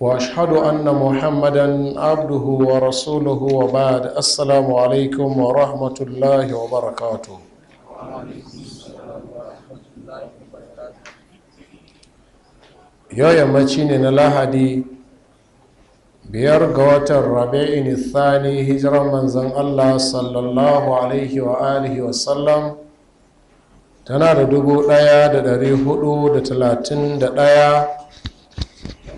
واشهد ان محمدا عبده ورسوله وبعد السلام عليكم ورحمه الله وبركاته yau yammaci ne na lahadi biyar ga watan rabi'in thani hijiran manzan allah sallallahu tana da dubu ɗaya da dari hudu da talatin da ɗaya.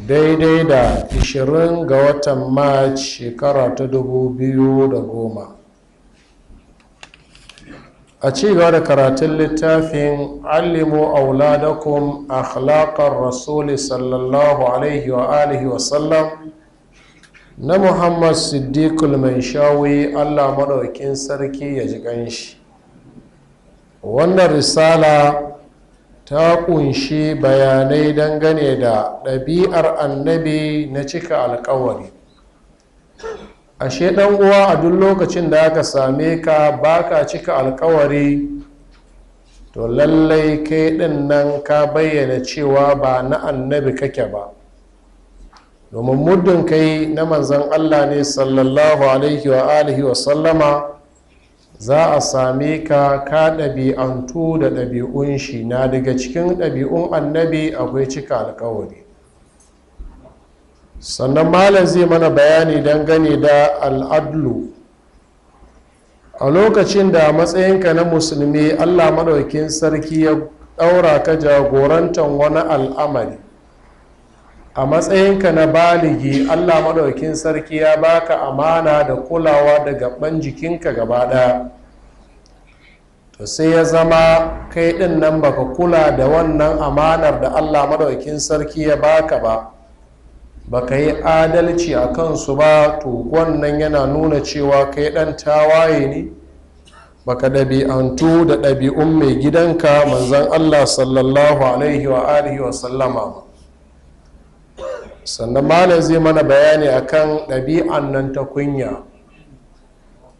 daidai da 20 ga watan march shekara ta 2010 a ci gaba da karatun littafin alimu auladakum akhlaqar rasuli sallallahu alaihi wa alihi wa sallam na muhammad siddiqul shawi allah maɗaukin sarki ya ji ƙanshi. wannan risala ta kunshi bayanai dangane da ɗabi'ar annabi na cika alkawari ashe ɗan uwa a duk lokacin da aka same ka baka cika alkawari to lallai kai ɗin nan ka bayyana cewa ba na annabi kake ba domin muddin kai na manzan allah ne sallallahu alaihi wa wa sallama za a same ka ka ɗabi'antu da ɗabi'un shi na daga cikin ɗabi'un annabi akwai cika alkawari sannan malam zai mana bayani gani da al'adlu a lokacin da matsayinka na musulmi allah maɗaukin sarki ya ɗaura ka jagorantar wani al'amari a matsayinka na baligi allah maɗaukin sarki ya baka amana da kulawa da gaban jikinka gaba ɗaya to sai ya zama kai ɗin nan baka kula da wannan amanar da allah maɗaukin sarki ya baka ba baka yi adalci a kansu ba to wannan yana nuna cewa kai ɗan tawaye ne baka ɗabi'antu da ɗabi'un mai gidanka manzan allah sallallahu alaihi wa alihi wa sallama ba sannan malam zai mana bayani akan ɗabi'an nan ta kunya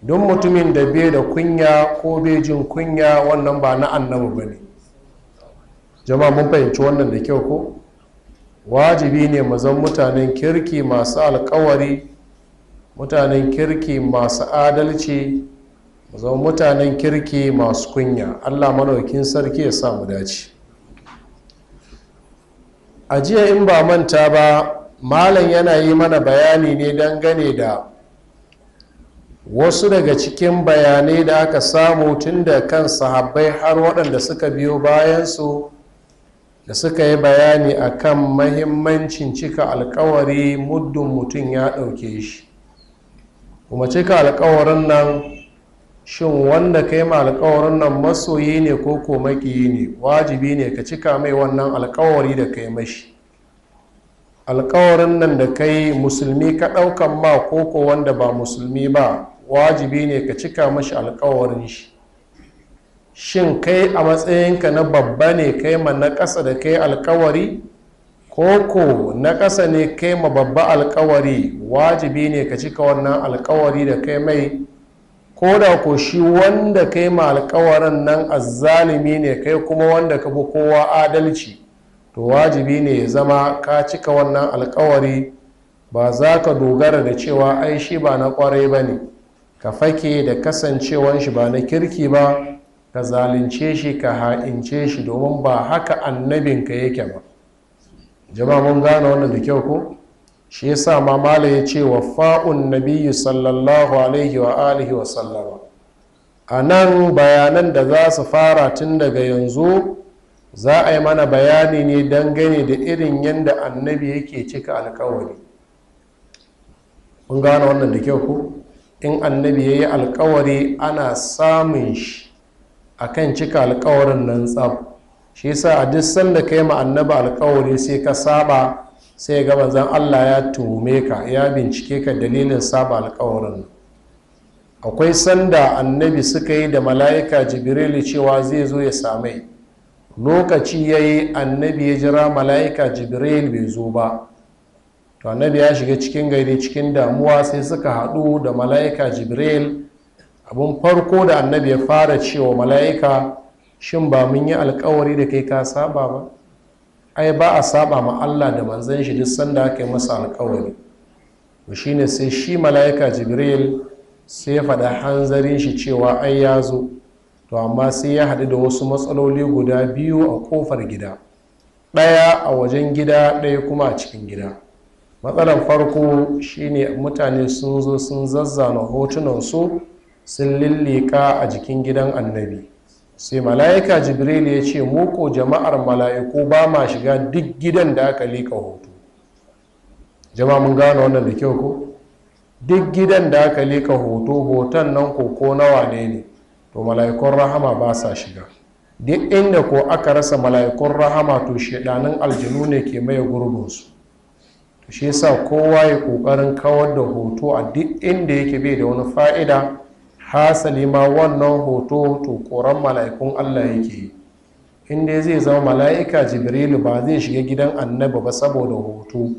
don mutumin da bai da kunya ko bai jin kunya wannan ba na annabu ba ne jama'a mun fahimci wannan da kyau ko wajibi ne mu mazan mutanen kirki masu alkawari mutanen kirki masu adalci mazan mutanen kirki masu kunya allah manaukin sarki ya samu dace a jiya in ba manta ba malam yana yi mana bayani ne dangane da wasu daga cikin bayanai da aka samu tun da kan sahabbai har waɗanda suka biyo bayansu da suka yi bayani a kan mahimmancin cika alkawari muddin mutum ya ɗauke shi kuma cika alkawarin nan shin wanda kai ma alkawarin nan masoyi ne ko ko ne wajibi ne ka cika mai wannan alkawari da kai mashi alkawarin nan da kai musulmi ka ɗaukan ma ko ko wanda ba musulmi ba wajibi ne ka cika mashi alkawarin shi shin kai a matsayinka na babba ne kai ma na ƙasa da kai alkawari ko na ƙasa ne kai ma babba alkawari wajibi ne ka cika wannan alkawari da kai mai ko da ko shi wanda kai ma alkawarin nan azzalimi ne kai kuma wanda ka kowa adalci to wajibi ne ya zama ka cika wannan alkawari ba za ka dogara da cewa ai shi ba na kwarai ba ne ka fake da kasancewan shi ba na kirki ba ka zalunce shi ka ha'ince shi domin ba haka annabinka yake ba jama'a mun gane wannan da kyau ko shi yasa ma mala ya ce wa fa'un nabiyyu sallallahu alaihi wa alihi wa sallama a nan bayanan da za su fara tun daga yanzu za a yi mana bayani ne dangane da irin yadda annabi yake cika alkawari kun gane wannan da kyau ku in annabi ya yi alkawari ana samun shi a kan cika alkawarin nan tsab shi yasa a duk sanda ka yi ma annabi alkawari sai ka saba sai ga manzan allah ya tuhume ka ya bincike ka dalilin saba alkawarin akwai sanda annabi suka yi da mala'ika jibril cewa zai zo ya same lokaci ya yi annabi ya jira mala'ika jibril bai zo ba to annabi ya shiga cikin gari cikin damuwa sai suka haɗu da mala'ika jibril abin farko da annabi ya fara cewa mala'ika shin ba mun yi alkawari da kai ka saba ba ai ba a saba ma Allah da manzan shi duk sanda aka yi masa alkawari to shine sai shi mala'ika jibril sai ya faɗa hanzarin shi cewa ai ya zo to amma sai ya haɗu da wasu matsaloli guda biyu a kofar gida ɗaya a wajen gida ɗaya kuma a cikin gida matsalar farko shine mutane sun zo sun zazzana hotunan su sun lillika a jikin gidan annabi sai mala'ika jibril ya ce muku jama'ar mala'iku ba ma shiga duk gidan da aka liƙa hoto jama'a mun gano wannan da kyau ko duk gidan da aka liƙa hoto hoton nan ko ko nawa ne ne to mala'ikun rahama ba sa shiga duk inda ko aka rasa mala'ikun rahama to shedanin aljanu ne ke maye gurbinsu to shi yasa kowa ya kokarin kawar da hoto a duk inda yake bai da wani fa'ida hasali ma wannan hoto to koran mala'ikun allah yake inda zai zama mala'ika jibrilu ba zai shiga gidan annabi ba saboda hoto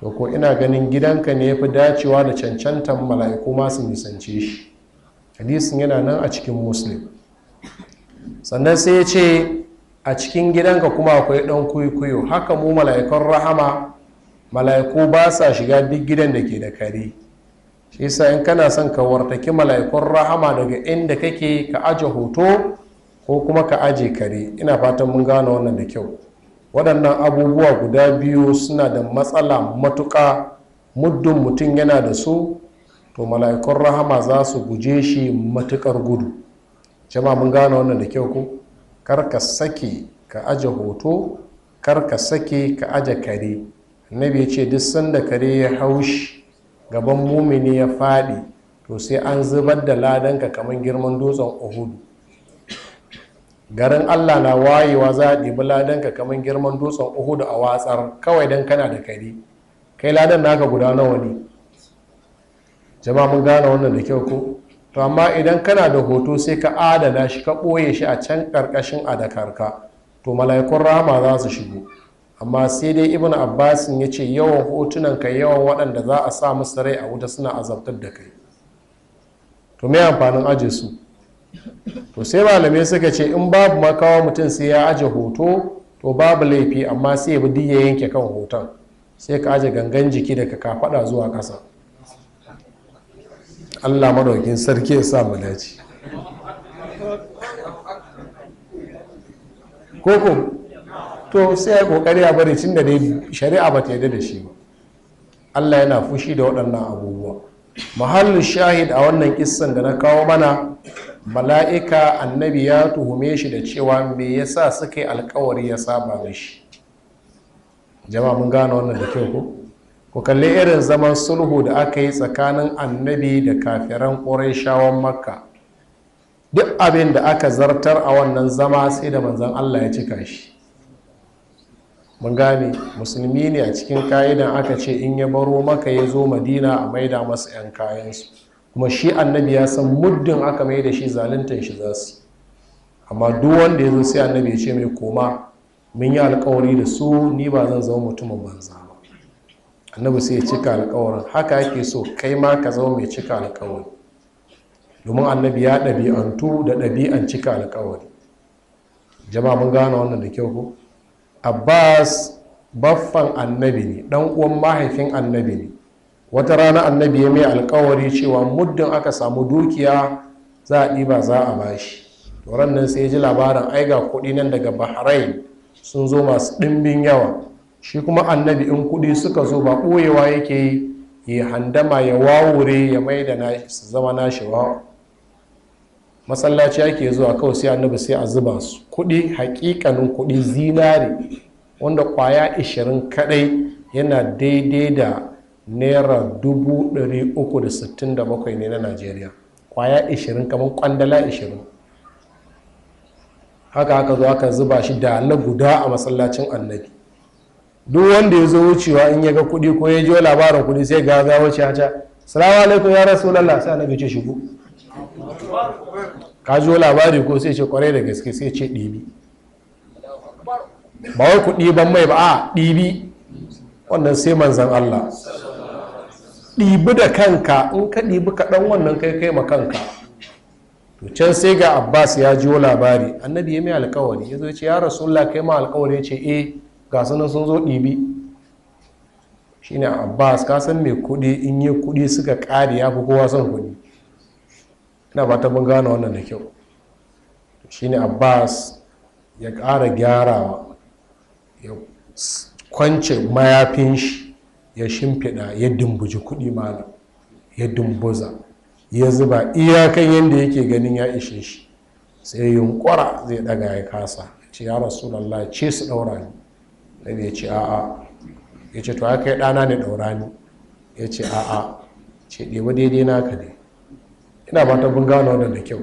to ko ina ganin gidanka ne ya fi dacewa da cancantar mala'iku masu nisance shi hadisin yana nan a cikin muslim sannan sai ya ce a cikin gidanka kuma akwai ɗan kwikwiyo haka mu mala'ikun rahama mala'iku ba sa shiga duk gidan da ke da kare shi yasa in kana son ka wartaki mala'ikun rahama daga inda kake ka aje hoto ko kuma ka aje kare ina fatan mun gane wannan da kyau waɗannan abubuwa guda biyu suna da matsala matuƙa muddin mutum yana da su to mala'ikun rahama za su guje shi matuƙar gudu jama mun gane wannan da kyau ko kar ka sake ka aje hoto kar ka sake ka aje kare annabi ya ce duk sanda kare ya haushi gaban mumini ya faɗi to sai an zubar da ladanka kamar girman dutsen uhudu garin allah na wayewa za a ɗibi ladanka kamar girman dutsen uhudu a watsar kawai don kana da kari kai ladan naka guda nawa ne jama'a mun gane wannan da kyau ko to amma idan kana da hoto sai ka adana shi ka ɓoye shi a can ƙarƙashin adakarka to mala'ikun rama za su shigo amma sai dai ibn abbasin ya ce yawan hotunan ka yawan waɗanda za a sa musu rai a wuta suna azabtar da kai to me amfanin aje su to sai malamai suka ce in babu makawa mutum sai ya aje hoto to babu laifi amma sai ya bi ya yanke kan hoton sai ka aje gangan jiki daga kafaɗa zuwa ƙasa allah maɗaukin sarki ya sa mu dace to sai ya kokari a bari tunda da dai shari'a ba ta yarda da shi ba allah yana fushi da waɗannan abubuwa mahallin shahid a wannan kisan da na kawo mana mala'ika annabi ya tuhume shi da cewa me yasa suka yi alkawari ya saba da shi jama'a mun gane wannan da kyau ko ku kalli irin zaman sulhu da aka yi tsakanin annabi da kafiran ƙurayshawan makka duk abin da aka zartar a wannan zama sai da manzan allah ya cika shi mun gane musulmi ne a cikin ka'idan aka ce in ya baro maka ya zo madina a maida masa 'yan kayansu kuma shi annabi ya san muddin aka mai da shi zaluntar shi za su amma duk wanda ya zo sai annabi ya ce mai koma mun yi alkawari da su ni ba zan zama mutumin banza ba annabi sai ya cika alkawarin haka yake so kai ma ka zama mai cika alkawari domin annabi ya ɗabi'antu da ɗabi'an cika alkawari jama'a mun gane wannan da kyau ko abbas baffan annabi ne dan uwan mahaifin annabi ne wata rana annabi ya mai alkawari cewa muddin aka samu dukiya za a ba za a bashi To nan sai ya ji labarin aiga kuɗi nan daga bahrain sun zo masu ɗimbin yawa shi kuma annabi in kuɗi suka zo ba ɓoyewa yake yi ya handama ya wawure ya mai da su zama nashi masallaci ake zuwa kawai sai annabi sai a zuba su kuɗi hakikanin kuɗi zinari, wanda ƙwaya 20 kadai yana daidai da naira 367 ne na najeriya ƙwaya 20 kamar kwandala 20 haka haka zo aka zuba shi da na guda a masallacin annabi duk wanda ya zo wucewa in ya ga kuɗi ko ya ji labarin kuɗi sai ga ga wuce hata salamu alaikum ya rasu lalla sai annabi ce shigo ka jo labari ko sai ce kwarai da gaske sai ce ɗibi ba wai ku ɗiban mai ba a ɗibi wannan sai manzan Allah ɗibi da kanka in ka ɗibi kaɗan wannan kai kai ma kanka to can sai ga abbas ya jiwo labari annabi ya mai alkawari ya zo ce ya rasulullah kai ma alkawari ya ce e ga sunan sun zo ɗibi shine abbas ka san mai kuɗi in yi kuɗi suka ƙari ya fi kowa son kuɗi ina ba ta mun gane wannan da kyau shine abbas ya ƙara gyarawa ya kwance mayafin shi ya shimfiɗa ya dumbuji kuɗi malam ya dumbuza ya zuba iyakan yadda yake ganin ya ishe shi sai yunkura zai ɗaga ya kasa ce ya rasulallah ce su ɗaura ni nabi ya ce a'a ya ce to aka yi ɗana ne ɗaura ni ya ce a'a ce ɗewa daidai naka ne ina ba ta kun gano wannan da kyau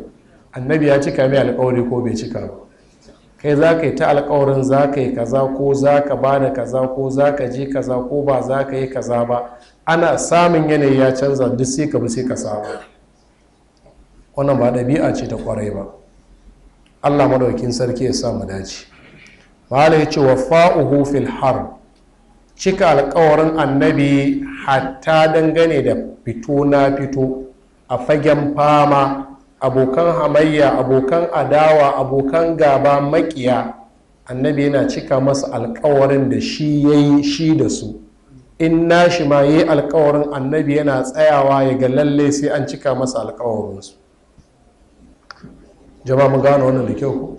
annabi ya cika mai alkawari ko bai cika ba kai za ka yi ta alkawarin za ka yi kaza ko za ka ba da kaza ko za ka je kaza ko ba za ka yi kaza ba ana samun yanayi ya canza duk sai ka bi sai ka samu wannan ba ɗabi'a ce ta kwarai ba allah madaukin sarki ya samu dace mahala ya ce wa fa'uhu fil har cika alkawarin annabi hatta dangane da fito na fito a fagen fama abokan hamayya abokan adawa abokan gaba makiya annabi yana cika masa alkawarin da shi ya yi shi da su in na nashi ma yi alkawarin annabi yana tsayawa ya ga lalle sai an cika masa alkawarinsu jama'a mun gane wannan da kyau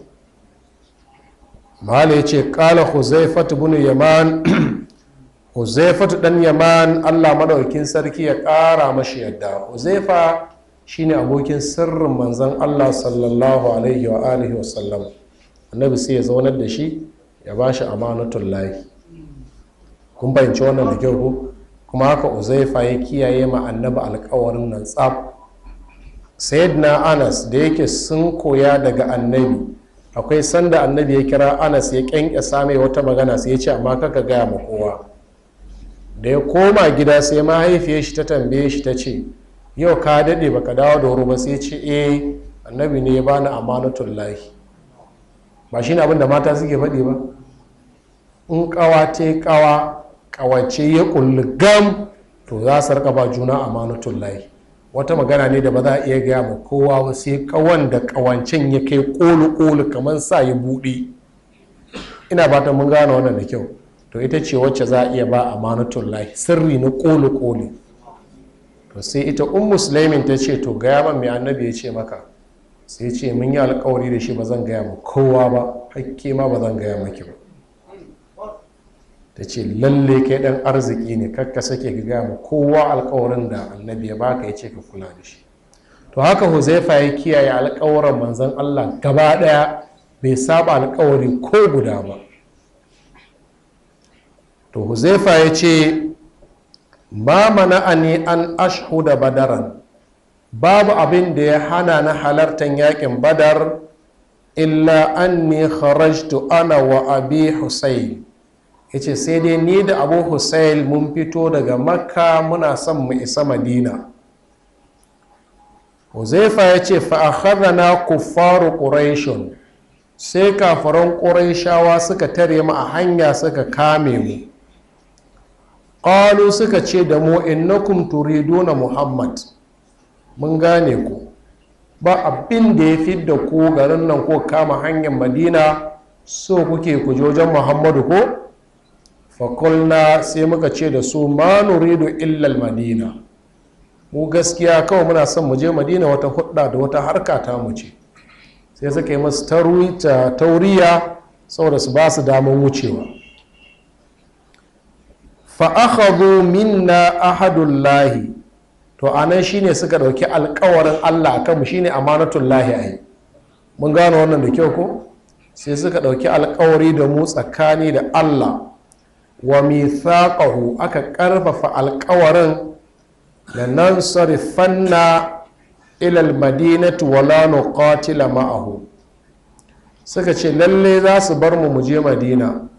ma ya ce kala huzaifat bin yaman uzaifatu dan yaman allah madaukin sarki ya ƙara mashi yadda uzaifa shine abokin sirrin manzan allah sallallahu alaihi wa alihi wa sallam annabi sai ya zaunar da shi ya ba shi amanatun lahi kun bayanci wannan da kyau kuma haka uzaifa ya kiyaye ma annabi alkawarin nan tsaf sayyidina anas da yake sun koya daga annabi akwai sanda annabi ya kira anas ya ƙyanƙyasa mai wata magana sai ya ce amma kaka gaya ma kowa da ya koma gida sai mahaifiyar shi ta tambaye shi ta ce yau ka daɗe baka dawo da wuri ba sai ce e annabi ne ya bani amanatun lahi ba shi ne abinda mata suke faɗi ba in ƙawa ta yi ƙawa ƙawace ya ƙulli gam to za su rika ba juna amanatun lahi wata magana ne da ba za a iya gaya ma kowa ba sai ƙawan da ƙawancen ya kai ƙoli-ƙoli kamar sa ya buɗe ina ta mun gane wannan da kyau to ita ce wacce za a iya ba a amanatullahi sirri na koli koli to sai ita un musulmin ta ce to gaya man mai annabi ya ce maka sai ce mun yi alkawari da shi ba zan gaya ma kowa ba hakke ma ba zan gaya maki ba ta ce lalle kai dan arziki ne kakka sake ka gaya ma kowa alkawarin da annabi ya baka ya ce ka kula da shi to haka huzaifa ya kiyaye alkawarin manzon allah gaba daya bai saba alkawari ko guda ba to huzaifa ya ce ma mana ani an ashhuda badaran babu abin da ya hana na halartar yakin badar illa anni kharajtu ana wa abi husayn ya ce sai dai ni da abu husayn mun fito daga makka muna son mu isa madina huzaifa ya ce na kuffaru ƙuraishin, sai kafaran ƙuraishawa suka tare mu a hanya suka kame mu ƙalu suka ce da mu innakum turiduna muhammad mun gane ku ba abin da ya fi da ku garin nan ko kama hanyar madina so kuke ku jojen muhammadu ko fakulna sai muka ce da su ma nuridu illal madina mu gaskiya kawai muna son mu je madina wata hudda da wata harka ta mu ce sai suka yi masu tauriya saboda su ba su damar wucewa fa’akhazu minna ahadullahi to anan ne suka ɗauki alkawarin Allah kan mu ne amanatullahi yi mun gano wannan da kyau ko sai suka ɗauki alkawari da mu tsakani da Allah wa mithaqahu aka ƙarfafa alkawarin da nan sarifanna ilal almadinati wala nuqatila ma'ahu suka ce lalle za su bar mu mu je madina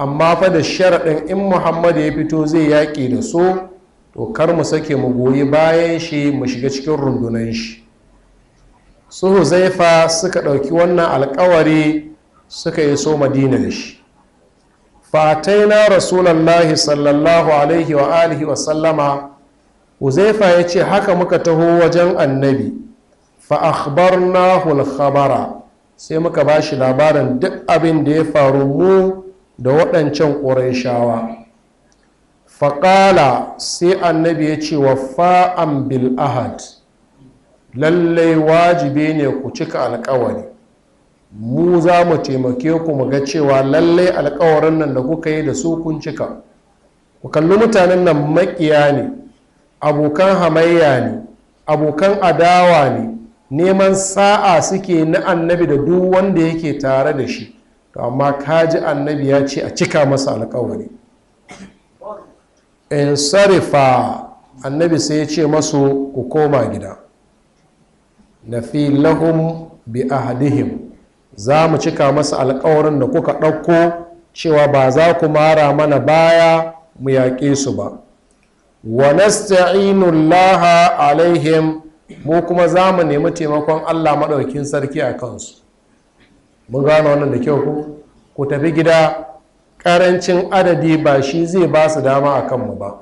amma fa da sharaɗin in muhammad ya fito zai yaƙi da so to kar mu sake mu goyi bayan shi mu shiga cikin rundunan shi su huzaifa suka ɗauki wannan alkawari suka yi so madina da shi fataina rasulallahi sallallahu alaihi wa alihi wa sallama huzaifa ya ce haka muka taho wajen annabi fa akhbarnahu al-khabara sai muka ba shi labarin duk abin da ya faru mu da waɗancan ƙurayshawa faƙala sai annabi ya ce wa fa'an bil ahad lallai wajibi ne ku cika alkawari mu za mu taimake ku mu ga cewa lallai alƙawarin nan da kuka yi da su kun cika ku kalli mutanen nan maƙiya ne abokan hamayya ne abokan adawa ne neman sa'a suke na annabi da duk wanda yake tare da shi to amma kaji annabi ya ce a cika masa alkawari in sarifa annabi sai ya ce masu ku koma gida na fi lahum bi ahadihim za mu cika masa alkawarin da kuka ɗauko cewa ba za ku mara mana baya mu yaƙe su ba wa nasta'inullaha alaihim mu kuma za mu nemi taimakon allah maɗaukin sarki a kansu mun gano wannan da kyau ku ku tafi gida karancin adadi ba shi zai ba su dama a kanmu ba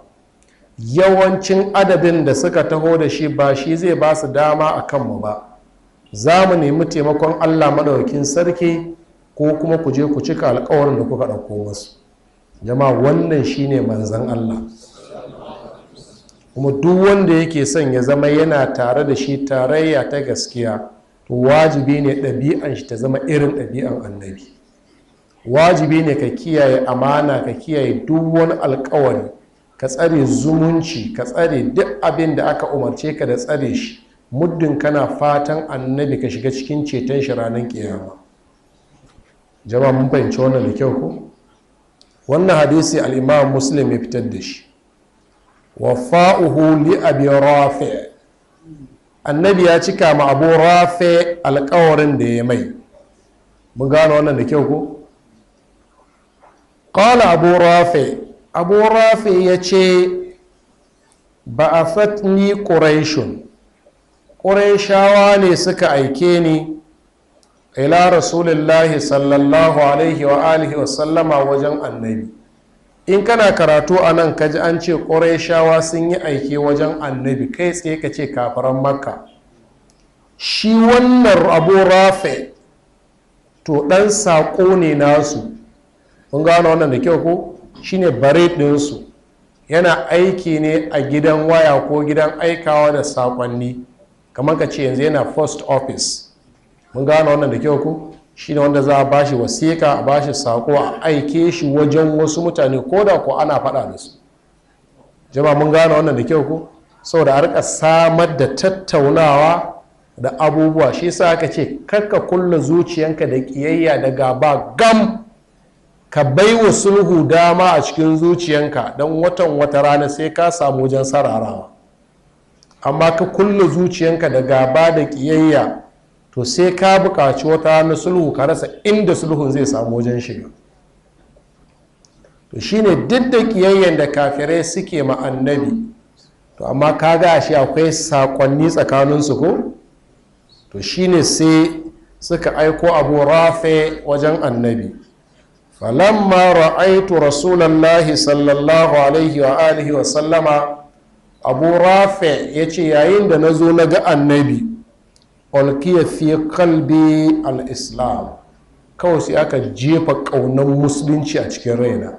yawancin adadin da suka taho da shi ba shi zai ba su dama a kanmu ba za mu nemi taimakon allah madaukin sarki ko kuma ku je ku cika alkawarin da kuka ɗauko musu jama'a wannan shine manzan allah kuma duk wanda yake son ya zama yana tare da shi tarayya ta gaskiya wajibi ne ɗabi'an shi ta zama irin ɗabi'an annabi wajibi ne ka kiyaye amana ka kiyaye duk wani alkawari ka tsare zumunci ka tsare duk abin da aka umarce ka da tsare shi muddin kana fatan annabi ka shiga cikin ceton shi ranar kiyama jama'a mun fahimci wannan da kyau ko wannan hadisi al-imam muslim ya fitar da shi wafa'uhu li abi rafi' annabi ya cika ma abu rafe alkawarin da ya mai mun gano wannan da kyau ko qala abu rafe abu rafe ya ce ba a fatni ƙuraishun ƙuraishawa ne suka aike ni ila rasulullahi sallallahu alaihi wa alihi wa sallama wajen annabi in kana karatu a nan ka ji an ce shawa sun yi aiki wajen annabi kai tsaye ka ce kafaran makka shi wannan abu rafe to ɗan saƙo ne nasu kun gano wannan da kyau ko ne bare ɗinsu yana aiki ne a gidan waya ko gidan aikawa da saƙonni kamar ka ce yanzu yana first office mun gano wannan da kyau ko shi ne wanda za a bashi wasiƙa a bashi saƙo a aike shi wajen wasu mutane ko da ko ana faɗa da su jama mun gane wannan da kyau ko saboda a rika samar da tattaunawa da abubuwa shi sa aka ce karka kulla zuciyanka da ƙiyayya da gaba gam ka bai wa sulhu dama a cikin zuciyanka don watan wata rana sai ka samu wajen sararawa amma ka kulla zuciyanka da gaba da ƙiyayya to sai ka buƙaci wata na sulhu ka rasa inda sulhun zai samu wajen shiga to shine duk da ƙiyayyen da kafirai suke ma annabi to amma ka ga shi akwai saƙonni tsakaninsu ko to shine sai suka aiko abu rafe wajen annabi falamma ra'aitu rasulallahi sallallahu alaihi wa alihi wa sallama abu rafe ya ce yayin da na zo na ga annabi alkiya fi kalbi al-islam kawai sai aka jefa ƙaunar musulunci a cikin raina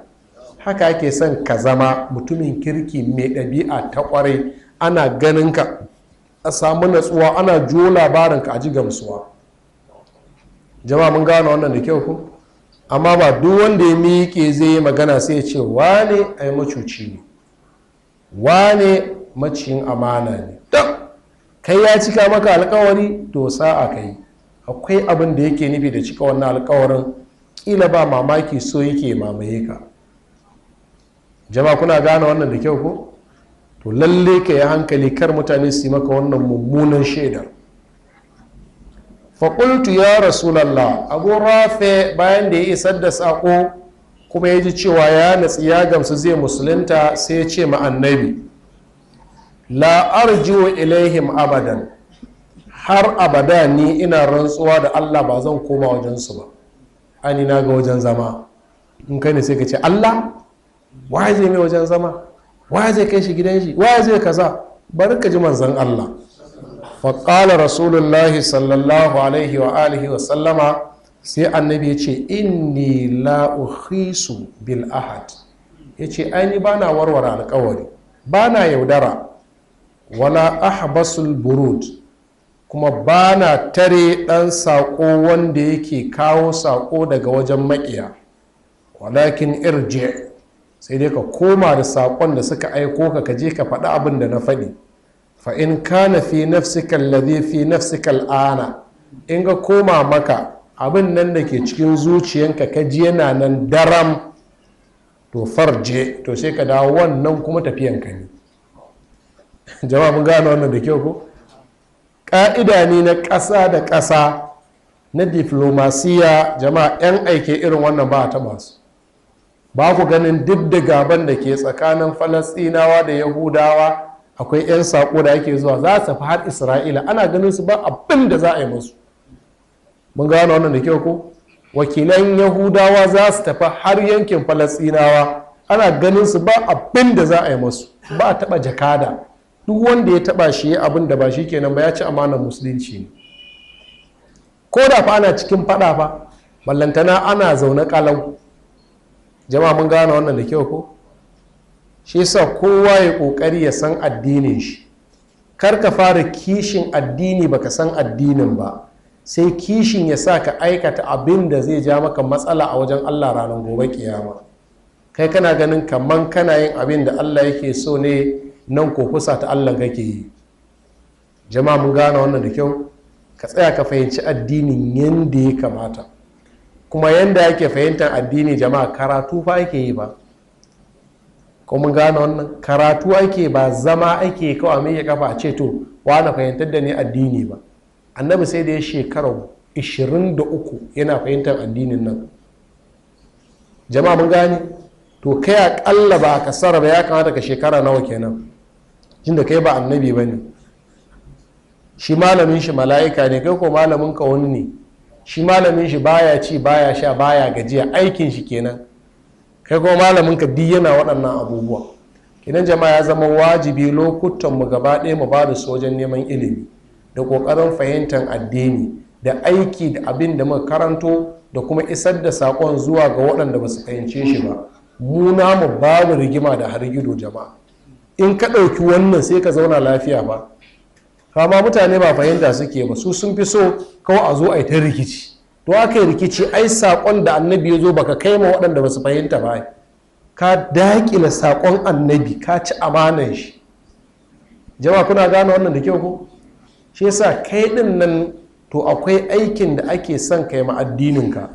haka ake son ka zama mutumin kirki mai ɗabi'a ta ƙwarai ana ganin ka a samu natsuwa ana labarin ka a ji gamsuwa jama'a mun gano wannan da kyau ku amma ba duk wanda ya miƙe zai yi magana sai ya ce wane ai macuci ne wane maciyin amana ne kai ya cika maka alkawari to sa'a kai akwai abin da yake nufi da cika wannan alkawarin kila ba mamaki so yake mamaye ka jama'a kuna gane wannan da kyau ko to lalle ka yi hankali kar mutane su yi maka wannan mummunan shaidar faƙultu ya rasulallah abu rafe bayan da ya isar da saƙo kuma ya ji cewa ya natsi ya gamsu zai musulunta sai ya ce ma annabi la arju ilaihim abadan har abada ni ina rantsuwa da allah ba zan koma wajensu ba ani na ga wajen zama in kai ne sai ka ce allah waye zai mai wajen zama waye zai kai shi gidan shi waye zai kaza bari ka ji manzon allah faƙala rasulullahi sallallahu alaihi wa alihi wa sallama sai annabi ya ce inni la bil ahad ya ce ni ba na warware alƙawari ba na yaudara wala ahbasul burud kuma ba na tare ɗan saƙo wanda yake kawo saƙo daga wajen maƙiya walakin irje sai dai ka koma da saƙon da suka aiko ka kaje ka faɗi abin da na faɗi fa in kana fi nafsika alladhi fi nafsika al'ana in ga koma maka abin nan da ke cikin zuciyanka ka ji yana nan daram to farje to sai ka dawo wannan kuma tafiyanka ne jama'a mun gane wannan da kyau ko ƙa'ida ne na ƙasa da ƙasa na diflomasiya jama'a 'yan aike irin wannan ba a taɓa su ba ku ganin duk da gaban da ke tsakanin falastinawa da yahudawa akwai 'yan saƙo da ake zuwa za su fi har isra'ila ana ganin su ba abin da za a yi musu mun gano wannan da kyau ko wakilan yahudawa za su tafi har yankin falastinawa ana ganin su ba abin da za a yi musu ba a taɓa jakada duk wanda ya taba shi abin da ba shi kenan ba ya ci amanar musulunci ne ko da fa ana cikin fada fa ballantana ana zaune kalau jama'a mun gane wannan da kyau ko shi yasa kowa ya kokari ya san addinin shi kar ka fara kishin addini baka san addinin ba sai kishin ya sa ka aikata abin da zai ja maka matsala a wajen allah ranar gobe kiyama kai kana ganin kamar kana yin abin da allah yake so ne nan ko kusa ta allah kake yi jama'a mun gane wannan da kyau ka tsaya ka fahimci addinin yadda ya kamata kuma yadda yake fahimtar addini jama'a karatu fa ake yi ba kuma mun gane wannan karatu ake ba zama ake kawai mai ya kafa a ce to wani fahimtar da ne addini ba annabi sai da ya shekara 23 yana fahimtar addinin nan jama'a mun gane to kai kalla ba a sara ba ya kamata ka shekara nawa kenan da kai ba annabi ba ne shi malamin shi mala'ika ne kai ko malamin ka wani ne shi malamin shi baya ci baya sha baya gajiya aikin shi kenan kai ko malamin ka duk yana waɗannan abubuwa kenan jama'a ya zama wajibi lokutan mu gaba ɗaya mu bada su sojan neman ilimi da ƙoƙarin fahimtar addini da aiki da abin da muka karanto da kuma isar da saƙon zuwa ga waɗanda ba su fahimce shi ba mu namu babu rigima da hargido jama'a in ka ɗauki wannan sai ka zauna lafiya ba kama mutane ba fahimta suke ba su sun fi so kawai a zo a yi ta rikici to aka yi rikici ai saƙon da annabi ya zo baka kai ma waɗanda ba su fahimta ba ka daƙila saƙon annabi ka ci amanan shi jama'a kuna gane wannan da kyau ko shi yasa kai ɗin nan to akwai aikin da ake son kai ma addinin ka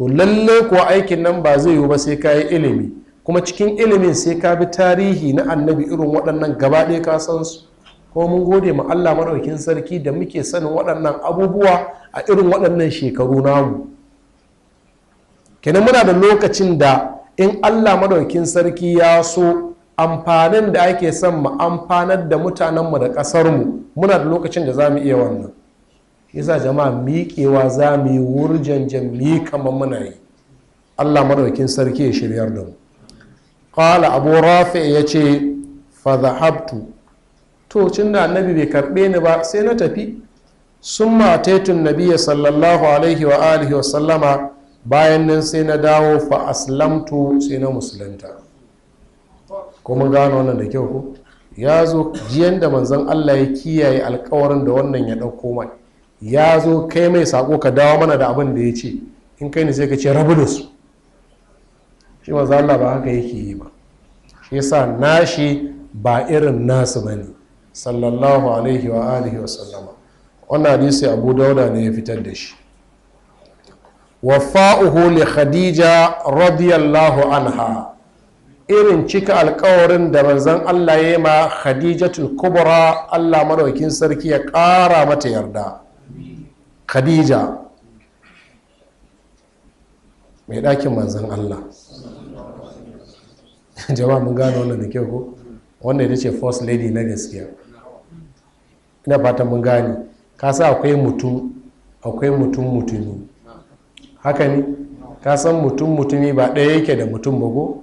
to lalle kuwa aikin nan ba zai yiwu ba sai ka yi ilimi kuma cikin ilimin sai ka bi tarihi na annabi irin waɗannan gaba ɗaya ka san su ko mun gode ma Allah maɗaukin sarki da muke sanin waɗannan abubuwa a irin waɗannan shekaru namu kenan muna da lokacin da in Allah maɗaukin sarki ya so amfanin da ake son mu amfanar da mutanenmu da ƙasarmu muna da lokacin da za mu iya wannan yasa jama'a miƙewa za mu yi wurjanjan mi kamar muna yi allah madaukin sarki ya shiryar da mu qala abu rafi ya ce fa zahabtu to cin da annabi bai karɓe ni ba sai na tafi sun ma taitun nabiya sallallahu alaihi wa alihi wa sallama bayan nan sai na dawo fa aslamtu sai na musulunta kuma gano wannan da kyau ko ya zo jiyan da manzon allah ya kiyaye alkawarin da wannan ya ɗauko mai ya zo kai mai sako ka dawo mana da abin da ya ce in kai ne sai ka ce rabu da su shi maza Allah ba haka yake yi ba shi yasa nashi ba irin nasu ba ne sallallahu alaihi wa alihi wa sallama wannan hadisi abu dauda ne ya fitar da shi wafa'uhu li khadija radiyallahu anha irin cika alkawarin da manzon Allah ya yi ma khadijatul kubra Allah madaukin sarki ya kara mata yarda khadija mai ɗakin manzan allah jama mun gano wannan da kyau ko wanda ita ce first lady na gaskiya ina fatan mun gane ka sa akwai mutum akwai mutum mutumi haka ne ka san mutum mutumi ba ɗaya yake da mutum ba ko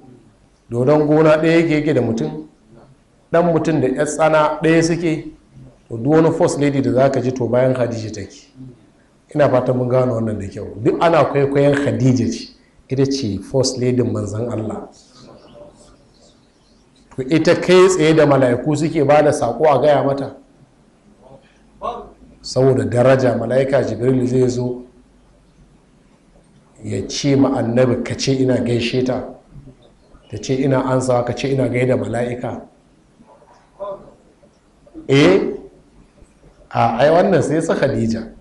dodon gona ɗaya yake yake da mutum ɗan mutum da ya tsana ɗaya suke duk wani first lady da za ka ji to bayan hadishi take ina fata mun gano wannan da kyau duk ana kwaikwayon khadija ce ita ce first lady manzan allah to ita kai tsaye da mala'iku suke ba da sako a gaya mata saboda daraja mala'ika jibril zai zo ya ce ma annabi ka ce ina gaishe ta ta ce ina ansawa ka ce ina gaida mala'ika eh a ai wannan sai sa khadija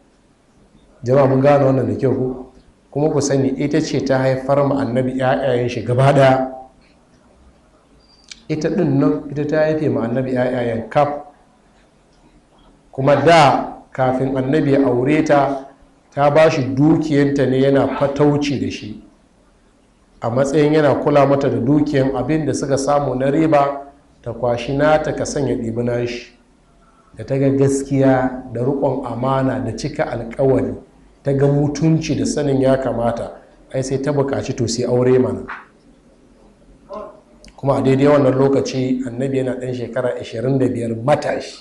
jama'a mun gane wannan da kyau ku kuma ku sani ita ce ta haifar mu annabi ƴaƴayen shi gaba ita ɗin nan ita ta haife mu annabi ƴaƴayen kaf kuma da kafin annabi ya aure ta ta ba shi dukiyanta ne yana fatauci da shi a matsayin yana kula mata da dukiyan abin da suka samu na riba ta kwashi nata ka sanya ɗibi na shi da ta ga gaskiya da riƙon amana da cika alkawari ta ga mutunci da sanin ya kamata ai sai ta bukaci to sai aure mana kuma a daidai wannan lokaci annabi yana ɗan shekara 25 matashi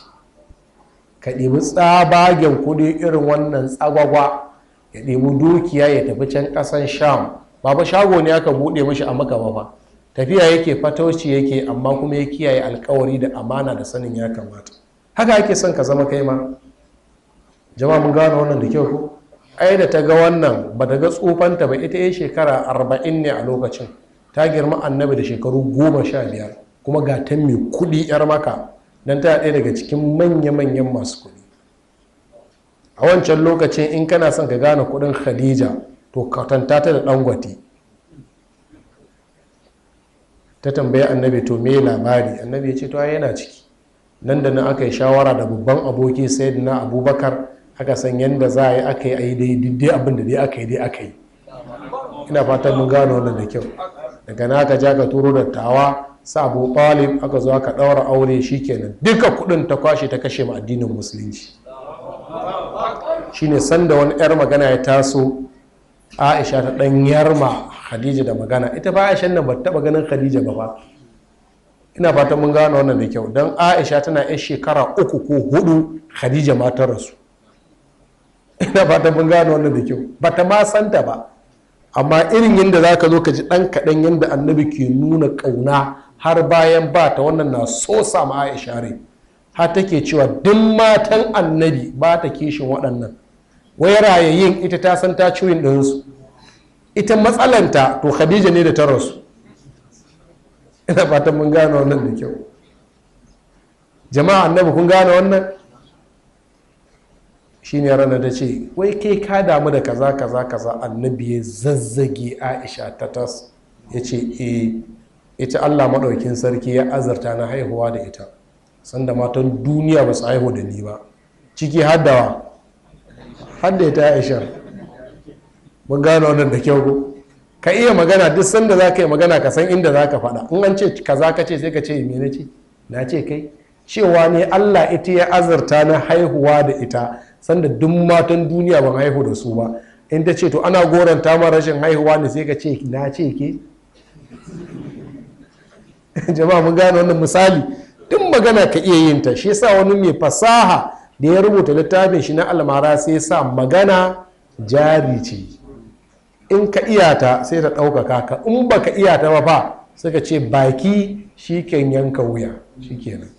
ka ɗibi tsabagen kuɗi irin wannan tsagwagwa ya ɗibi dukiya ya tafi can ƙasan sham babu shago ne aka buɗe mashi a maka ba tafiya yake fatauci yake amma kuma ya kiyaye alkawari da amana da sanin ya kamata haka ake son ka zama kai ma jama'a mun gano wannan da kyau ai da ta ga wannan ba ta ga tsufanta ba ita ya shekara arba'in ne a lokacin ta girma annabi da shekaru goma sha biyar kuma ga ta mai kuɗi yar maka don ta ɗaya daga cikin manya-manyan masu kuɗi a wancan lokacin in kana son ka gane kuɗin khadija to katanta ta da ɗangwati ta tambayi annabi to me labari annabi ya ce to yana ciki nan da nan aka yi shawara da babban aboki sai na abubakar aka san yadda za a yi aka yi a daidai abin da dai aka yi dai aka yi ina fatan mun gano wannan da kyau daga na aka ja ka turo dattawa sa abu talib aka zo aka ɗaura aure shi kenan duka kuɗin ta kwashe ta kashe ma addinin musulunci shine sanda wani yar magana ya taso aisha ta ɗan yarma khadija da magana ita ba aisha nan ba taɓa ganin khadija ba ba ina fatan mun gane wannan da kyau don aisha tana yan shekara uku ko hudu khadija ma ta rasu ina fatan mun gane wannan da kyau ba ta ma santa ba amma irin yadda za ka zo ka ji ɗan kaɗan yadda annabi ke nuna ƙauna har bayan ba ta wannan na so samu aisha rai har take cewa duk matan annabi ba ta kishin waɗannan wai rayayin ita ta san ta ciwon ɗinsu ita matsalanta to khadija ne da ta rasu ina fatan mun gane wannan da kyau jama'a annabi kun gane wannan shi ne rana da ce wai kai ka damu da kaza kaza kaza annabi ya zazzage aisha ta tas ya ce e ita allah maɗaukin sarki ya azarta na haihuwa da ita sanda matan duniya ba su haihu da ni ba ciki haddawa hadda ita aisha mun gane wannan da kyau ka iya magana duk sanda za ka yi magana ka san inda za ka faɗa in an ce kaza ka ce sai ka ce eh, me na ce na ce kai cewa ne allah ita ya azurta na haihuwa da ita sanda duk matan duniya ban haihu da su ba in ta ce to ana goranta ma rashin haihuwa ne sai ka ce na ce ke jama'a mun gane wannan misali duk magana ka iya yin ta shi yasa wani mai fasaha da ya rubuta littafin shi na almara sai sa magana jari ce in ka iyata sai ta ɗaukaka ka in ka iyata ba fa suka ce baki shi ken yanka wuya shi kenan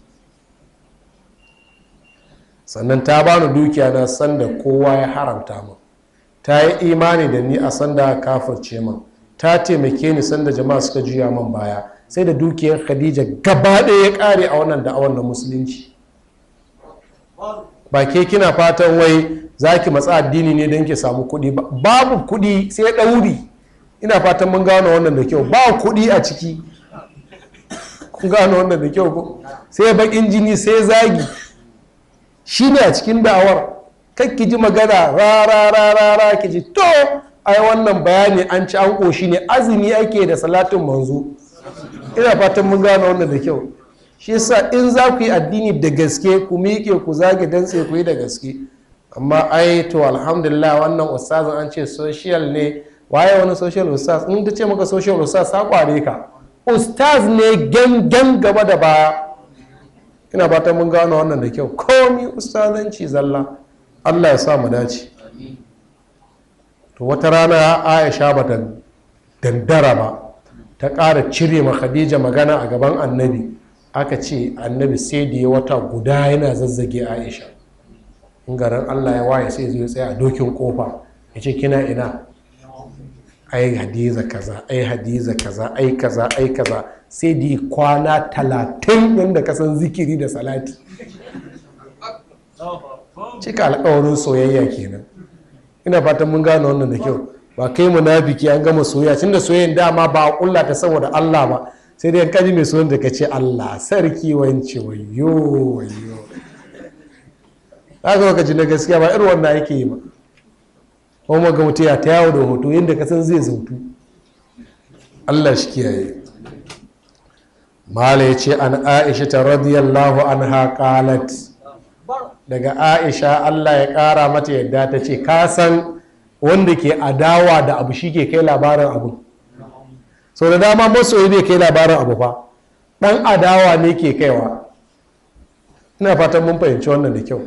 sannan ta bani dukiya na sanda kowa ya haramta mu. ta yi imani da ni a sanda ce min ta taimake ni sanda jama'a suka juya min baya sai da dukiyar khadija gaba ɗaya ya ƙare a wannan da'awar na musulunci ba ke kina fatan wai za ki matsa addini ne don ki samu kuɗi babu kuɗi sai ɗauri ina fatan mun gano wannan da kyau ba kuɗi a ciki kun gano wannan da kyau ko sai baƙin jini sai zagi shi ne a cikin da'awar kan ki ji magana rara rara rara ki ji to ai wannan bayani an ci an ƙoshi ne azumi ake da salatin manzo ina fatan mun gano wannan da kyau shi yasa in za ku yi addini da gaske ku miƙe ku zage dantse ku yi da gaske amma ai to alhamdulillah wannan ustazin an ce social ne waye wani social ustaz in ta ce maka social ustaz sa kware ka ustaz ne gangan gaba da baya ina fatan mun gano wannan da kyau komi ustazanci zalla allah ya sa mu dace to wata rana aisha ba ta dandara ba ta ƙara cire ma khadija magana a gaban annabi aka ce annabi sai da ya wata guda yana zazzage aisha in garin allah ya waye sai zai tsaya a dokin kofa ya ce kina ina ai hadiza kaza ai hadiza kaza ai kaza ai kaza sai di kwana talatin ka kasan zikiri da salati cika alkawarin soyayya kenan ina fatan mun gane wannan da kyau ba kai mu munafiki an gama soyayya da soyayyan dama ba a kulla ta saboda Allah ba sai dai kaji mai soyayya da kace Allah sarki wance wayo wayo haka baka ji na gaskiya ba irin wannan yake yi ba kuma ga mutum ya ta yawo da hoto yadda ka san zai zautu Allah shi kiyaye mala ya ce an aisha ta radiyallahu an qalat daga aisha Allah ya kara mata yadda ta ce ka san wanda ke adawa da abu shi ke kai labarin abu sau da dama masoyi bai kai labarin abu fa dan adawa ne ke kaiwa ina fatan mun fahimci wannan da kyau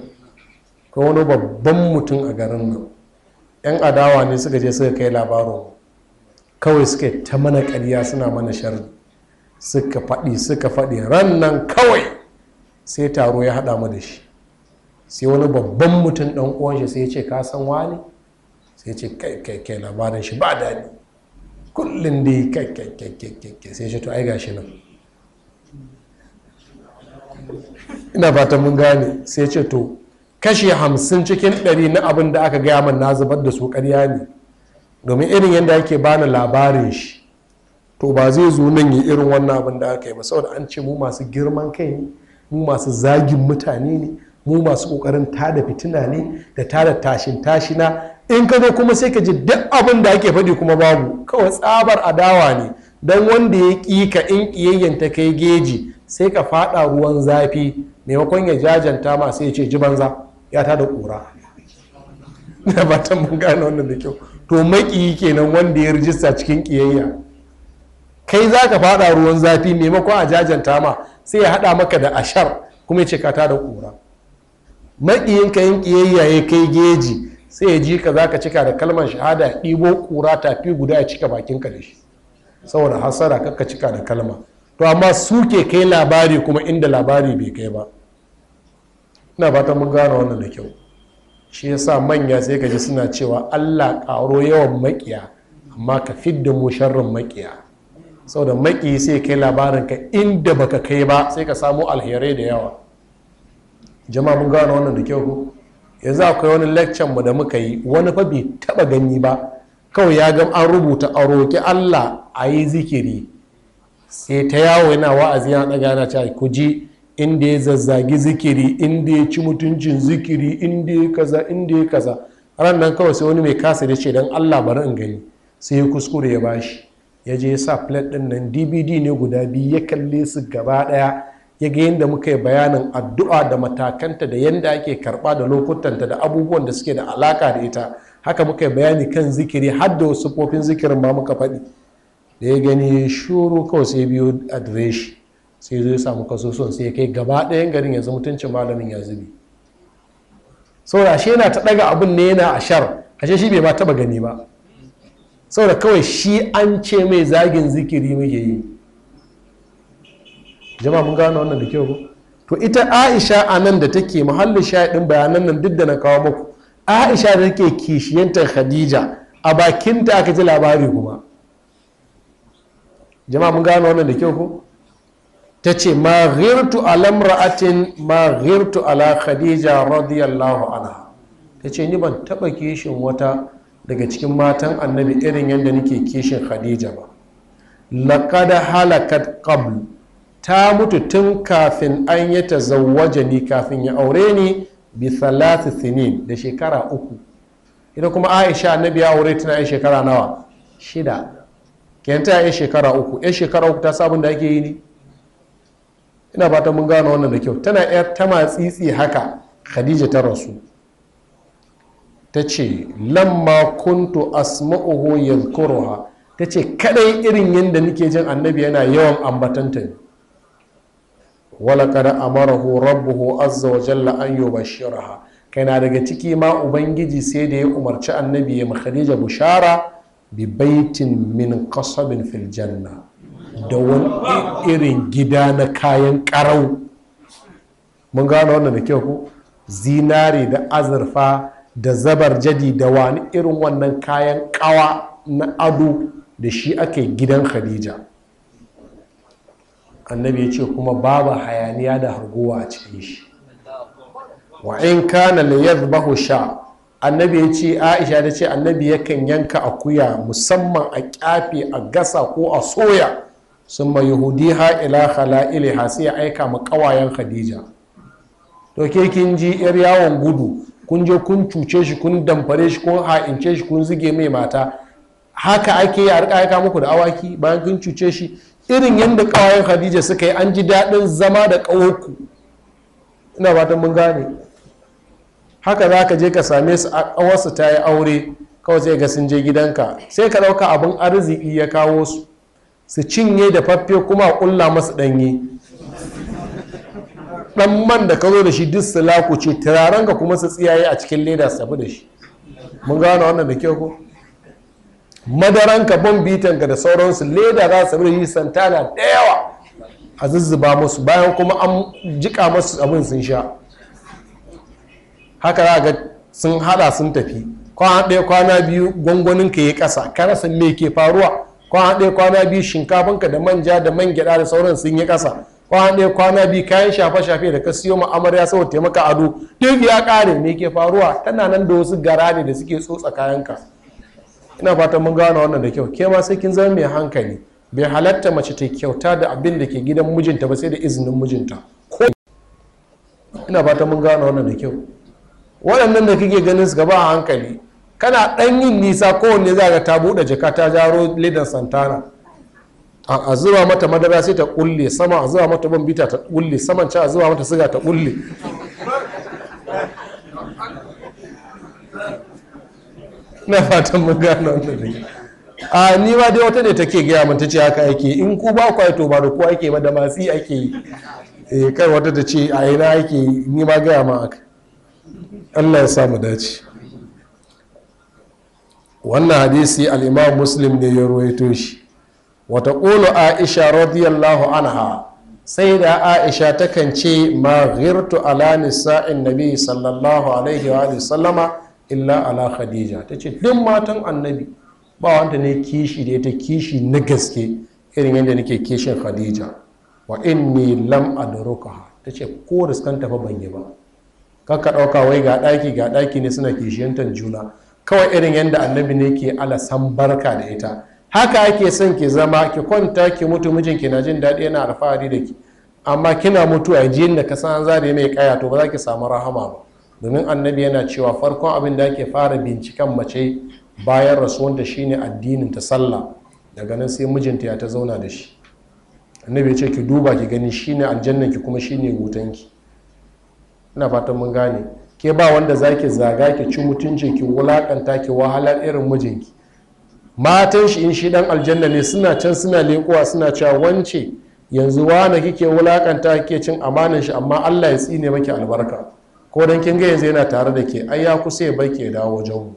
ko wani babban mutum a garin nan yan adawa ne suka je suka kai labarin kawai suka ta mana karya suna mana sharri suka faɗi suka faɗi ran nan kawai sai taro ya haɗa mu da shi sai wani babban mutum ɗan uwan shi sai ya ce ka san wani sai ya ce kai kai kai labarin shi ba daɗi kullum da yi kai sai shi to ai gashi nan ina fatan mun gane sai ce to kashi hamsin cikin ɗari na abin da aka gaya min na zubar da su ƙarya ne domin irin yadda ake bani labarin shi to ba zai zo nan yi irin wannan abin da aka yi ba saboda an ce mu masu girman kai ne mu masu zagin mutane ne mu masu ƙoƙarin tada fitina ne da tada tashin tashina in ka zo kuma sai ka ji duk abin da ake faɗi kuma babu kawai tsabar adawa ne don wanda ya ƙi ka in ƙiyayyen ta kai geji sai ka faɗa ruwan zafi maimakon ya jajanta masu ya ce ji banza ya ta da ƙura na ta mun gane wannan da kyau to maƙiyi kenan wanda ya rijista cikin ƙiyayya kai za ka faɗa ruwan zafi maimakon a jajanta tama sai ya haɗa maka da ashar kuma ya ce ka ta da ƙura maƙiyin ka yin ƙiyayya ya kai geji sai ya ji ka za ka cika da kalmar shahada ya ɗibo ƙura tafi guda ya cika bakinka da shi saboda hasara kakka cika da kalma to amma su ke kai labari kuma inda labari bai kai ba ina fatan mun gane wannan da kyau shi yasa manya sai ka ji suna cewa allah karo yawan makiya amma ka fidda mu sharrin sau saboda makiya sai kai labarin ka inda baka kai ba sai ka samu alherai da yawa jama'a mun gane wannan da kyau ko yanzu akwai wani lecture mu da muka yi wani fa bai taba gani ba kawai ya ga an rubuta a roki Allah a yi zikiri sai ta yawo yana wa'azi yana ɗaga yana cewa ku ji inda ya zazzagi zikiri inda ya ci mutuncin zikiri inda ya kaza inda ya kaza ran nan kawai sai wani mai kasa da ce don allah bari in gani sai ya kuskure ya bashi ya je ya sa plate din nan dvd ne guda biyu ya kalle su gaba daya ya ga yadda muka yi bayanin addu'a da matakanta da yadda ake karba da lokutanta da abubuwan da suke da alaka da ita haka muka yi bayani kan zikiri har da wasu zikirin ma muka faɗi da ya gani shuru kawai sai biyo adireshi sai zai ya samu kasusuwan sai ya kai gaba ɗayan garin yanzu mutuncin malamin ya zubi saboda shi yana ta ɗaga abin ne yana a shar ashe shi bai ma taba gani ba saboda kawai shi an ce mai zagin zikiri muke yi jama'a mun gano wannan da kyau ko to ita aisha a nan da take muhallin shaɗin bayanan nan duk da na kawo maku. aisha da take kishiyantar khadija a bakinta aka ji labari kuma jama'a mun gano wannan da kyau ko ta ce ma ghirtu alam ra'atin ma ghirtu ala khadija radiyallahu anha ta ce ni ban taɓa kishin wata daga cikin matan annabi irin yadda nake kishin khadija ba laqad halakat qabl ta mutu tun kafin an yi tazawwaja ni kafin ya aure ni bi thalath sinin da shekara uku ita kuma aisha annabi ya aure tana yin shekara nawa shida kenta ya shekara uku ya shekara uku ta sabon da ake yi ne ina fata mun gano wannan da kyau tana yar ta matsitsi haka khadija ta rasu ta ce lamma kuntu asma'uhu yadhkuruha ta ce kadai irin yadda nake jin annabi yana yawan ambatanta ne wala kada amarahu rabbuhu azza wa jalla an yubashshiraha na daga ciki ma ubangiji sai da ya umarci annabi ya khadija bushara bi baitin min qasabin fil janna da wani irin gida na kayan karau mun gano wannan da kyau ko zinari da azurfa da zabar jadi da wani irin wannan kayan kawa na ado da shi ake gidan khadija annabi ya ce kuma babu hayaniya da harguwa a cikin shi wa in kana la yadhbahu sha annabi ya ce aisha da ce annabi yakan yanka akuya musamman a kyafe a gasa ko a soya sun ma ha ila ha sai ya aika mu kawayen khadija to ke kin ji yar yawon gudu kun je kun cuce shi kun damfare shi kun ha'ince shi kun zige mai mata haka ake yi a rika aika muku da awaki bayan kun cuce shi irin yadda kawayen khadija suka yi an ji daɗin zama da ƙawarku ina fatan mun gane haka za ka je ka same su a ƙawarsu ta yi aure kawai sai ga sun je gidanka sai ka ɗauka abin arziki ya kawo su su cinye da faffe kuma a ƙulla masu ɗanye ɗan man da ka zo da shi duk su lakuce turaren ka kuma su tsiyaye a cikin leda su da shi mun gano wannan da kyau ko madaran ka bitan ka da sauransu leda za su da shi santana da yawa a zuzzuba musu bayan kuma an jika musu abin sun sha haka za ga sun hada sun tafi kwana ɗaya kwana biyu gwangwanin ka ya ƙasa ka san me ke faruwa kwana ɗaya kwana biyu shinkafanka da manja da man gyaɗa da sauran sun yi ƙasa kwana ɗaya kwana biyu kayan shafe-shafe da ka siyo ma'amarya saboda taimaka ado duk ya ƙare me ke faruwa tana nan da wasu gara ne da suke tsotsa kayanka ina fatan mun gano wannan da kyau ke ma sai kin zama mai hankali bai halatta mace ta kyauta da abin da ke gidan mijinta ba sai da izinin mijinta ko ina fatan mun gano wannan da kyau waɗannan da kake ganin su gaba a hankali kana ɗan yin nisa kowanne za ga ta buɗe jaka ta jaro ledan santana a zuba mata madara sai ta kulle sama a zuba mata bita ta kulle saman ca a zuba mata siga ta kulle na fatan mun gano ne a ni ma dai wata ne take gaya mun tace haka ake in ku ba ku to ba da ku ake ba da matsi ake yi eh, kai wata ta ce a ina ake ni ma gaya ma Allah ya sa mu dace wannan hadisi al'imam muslim ne ya ruwaito shi wata ƙulu aisha radiyallahu anha sai da aisha takan ce ma ghirtu ala nisa'in nabi sallallahu alaihi wa sallama illa ala khadija ta ce duk matan annabi ba wanda ne kishi da ta kishi na gaske irin yadda nake kishin khadija wa inni lam adrukaha ta ce ko da sukan tafi ban yi ba kakka ɗauka wai ga ɗaki ga ɗaki ne suna kishiyantar juna kawai irin yadda annabi ne ke alasan barka da ita haka ake son ki zama ki kwanta ki mutu mijinki na jin daɗi yana alfahari da ki amma kina mutu, mutuwa ji da ka san zare mai kaya to ba za ki samu rahama ba domin annabi yana cewa farkon abin da ake fara binciken mace bayan rasuwanta shine addinin ta sallah daga nan sai mijinta ya ta zauna da shi annabi ya ce ki duba ki gani shine aljannan ki kuma shine ki ina fatan mun gane ke ba wanda za ki zaga ki ci mutuncin ki wulakanta ki wahalar irin mijinki matan shi in shi dan aljanna ne suna can suna lekuwa suna cewa wance yanzu wane kike wulakanta kike cin amanin shi amma Allah ya tsine maki albarka ko dan kin ga yanzu yana tare da ke ai ya kusa ya barke ya dawo wajen mu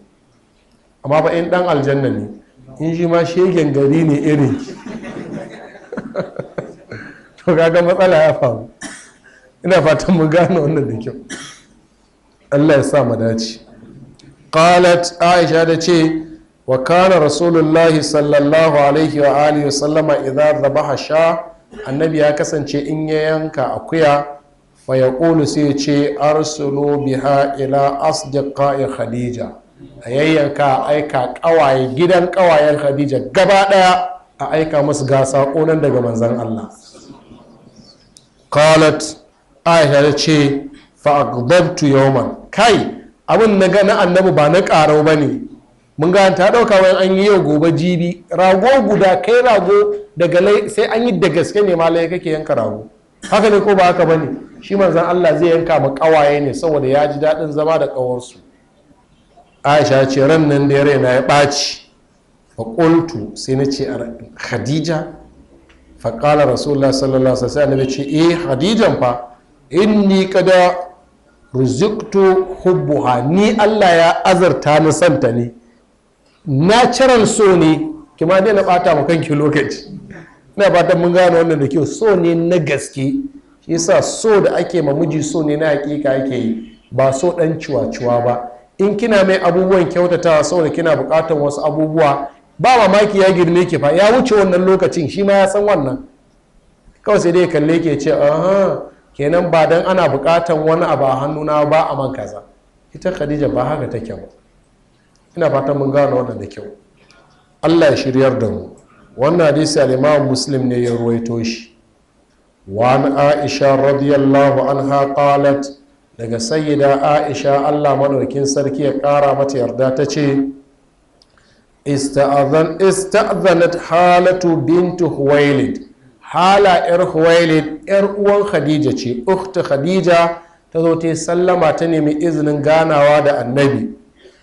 amma ba in dan aljanna ne in shi ma shegen gari ne irin to kaga matsala ya faru ina fatan mu gane wannan da kyau allah ya sa mu dace qalat aisha da ce wa kana rasulullahi sallallahu alaihi wa alihi sallama idza dhabaha sha annabi ya kasance in ya yanka akuya ya yaqulu sai ce arsulu biha ila asdiqai khadija a yayyanka aika ƙawaye gidan ƙawayen khadija gaba ɗaya a aika musu ga nan daga manzan allah qalat aisha da ce fa'agdabtu yawman kai abin na gana annabi ba na karau ba ne mun ga ta ɗauka wani an yi yau gobe jibi rago guda kai rago daga sai an yi da gaske ne ma lai kake yanka rago haka ne ko ba haka ba ne shi manzan allah zai yanka ma ƙawaye ne saboda ya ji daɗin zama da ƙawarsu aisha ce ran nan da raina ya ɓaci fa sai na ce khadija fa ƙala rasulullah sallallahu alaihi wasallam ce eh khadijan fa inni kada ruziktu hubbuha ni Allah ya azarta ni santa ne Na ciran so ne ki ma na bata ma kanki lokaci ina fatan mun gane wannan da kyau so ne na gaske shi yasa so da ake ma miji so ne na hakika ake yi ba so dan ciwa-ciwa ba in kina mai abubuwan kyautatawa saboda kina bukatar wasu abubuwa ba mamaki ya girme ki fa ya wuce wannan lokacin shi ma ya san wannan kawai sai dai kalle ke ce aha kenan ba don ana bukatan wani abu a hannuna ba a man kaza ita khadija ba haka ta kyau. ina fatan mun gane wannan da kyau allah ya shiryar da mu wannan hadisi al-imam muslim ne ya ruwaito shi wa an aisha radiyallahu anha qalat daga sayyida aisha allah madaukin sarki ya kara mata yarda ta ce ista'zanat halatu bintu huwailid hala yar huwailid yar uwan khadija ce ukhtu khadija ta zo ta sallama ta nemi izinin ganawa da annabi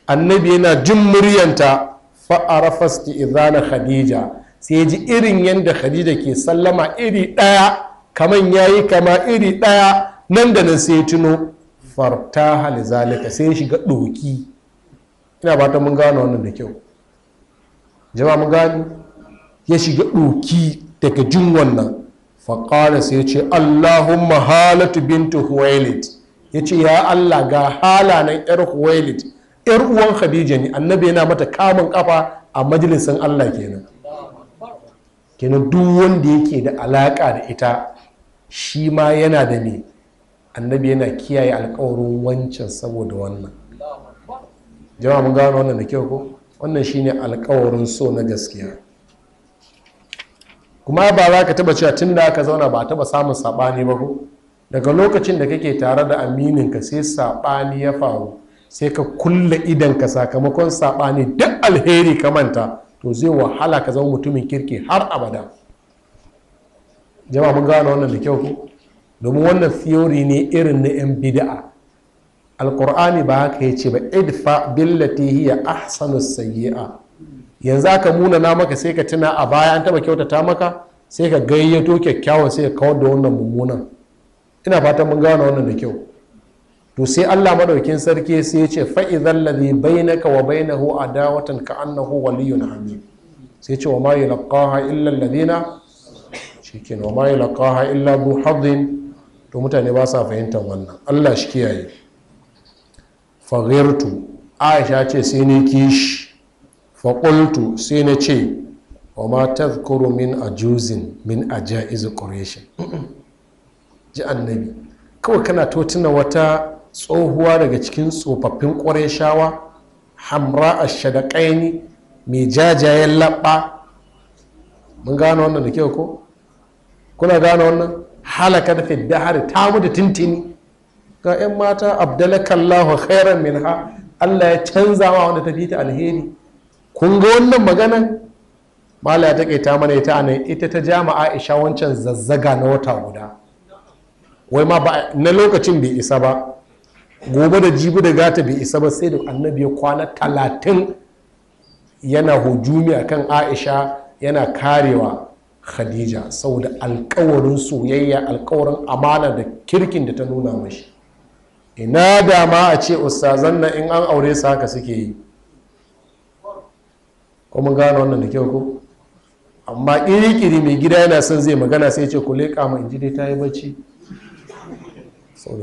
annabi yana jin muryanta fa arafasti izana khadija sai ji irin yadda khadija ke sallama iri ɗaya kaman yayi kama iri ɗaya nan da nan sai tuno farta halizalika sai shiga ɗoki ina ba ta mun gano wannan da kyau jama'a mun gane ya shiga doki daga jin wannan faƙara sai ce allahumma halatu bintu huwailit ya ce ya allah ga halanan yar huwailit yar uwan khadija ne annabi yana mata kamun kafa a majalisan allah kenan kenan duk wanda yake da alaƙa da ita shi ma yana da ne annabi yana kiyaye alkawarin wancan saboda wannan jama'a mun gano wannan da kyau ko wannan shine alkawarin so na gaskiya kuma ba za ka taba cewa tun da aka zauna ba taba samun saɓani ba ko daga lokacin da kake tare da aminin ka sai saɓani ya faru sai ka kulle ka sakamakon saɓani duk alheri ka manta to zai wahala ka zama mutumin kirki har abada jama'a mun gano wannan da kyau ko domin wannan theory ne irin na 'yan bida'a alkur'ani ba haka ya ba idfa billati hiya ahsanu sayyi'a yanzu aka munana maka sai ka tuna a baya an taba kyautata maka sai ka gayyato kyakkyawan sai ka kawar da wannan mummunan ina fatan mun gane wannan da kyau to sai Allah madaukin sarki sai ya ce fa idzal ladhi bainaka wa bainahu adawatan ka annahu waliyyun hamim sai ce wa ma yulqaha illa alladhina shikin wa ma yulqaha illa bu hadin to mutane ba sa fahimtar wannan Allah shi kiyaye faghirtu Aisha ce sai ni kishi faƙultu sai na ce wa ma tazkuru min a juzin min a ja'izu quraish ji annabi kawai kana to wata tsohuwa daga cikin tsofaffin qurayshawa hamra a ashadaqaini mai jajayen laɓa mun gano wannan da kyau ko kuna gano wannan halaka da fiddahar ta da tintini ga 'yan mata abdalakallahu khairan ha, allah ya canza wa wanda ta fi ta alheri kun ga wannan magana mala ya takaita mana ita a ita ta jama aisha wancan zazzaga na wata guda wai ma ba na lokacin bai isa ba gobe da jibi da gata bai isa ba sai da annabi ya kwana talatin yana hujumi a kan aisha yana karewa khadija saboda alkawarin soyayya alkawarin amana da kirkin da ta nuna mashi ina dama a ce ustazan nan in an aure su haka suke yi ko mun wannan da kyau ko amma kirikiri mai gida yana son zai magana sai ce ku leƙa ma inji dai ta yi bacci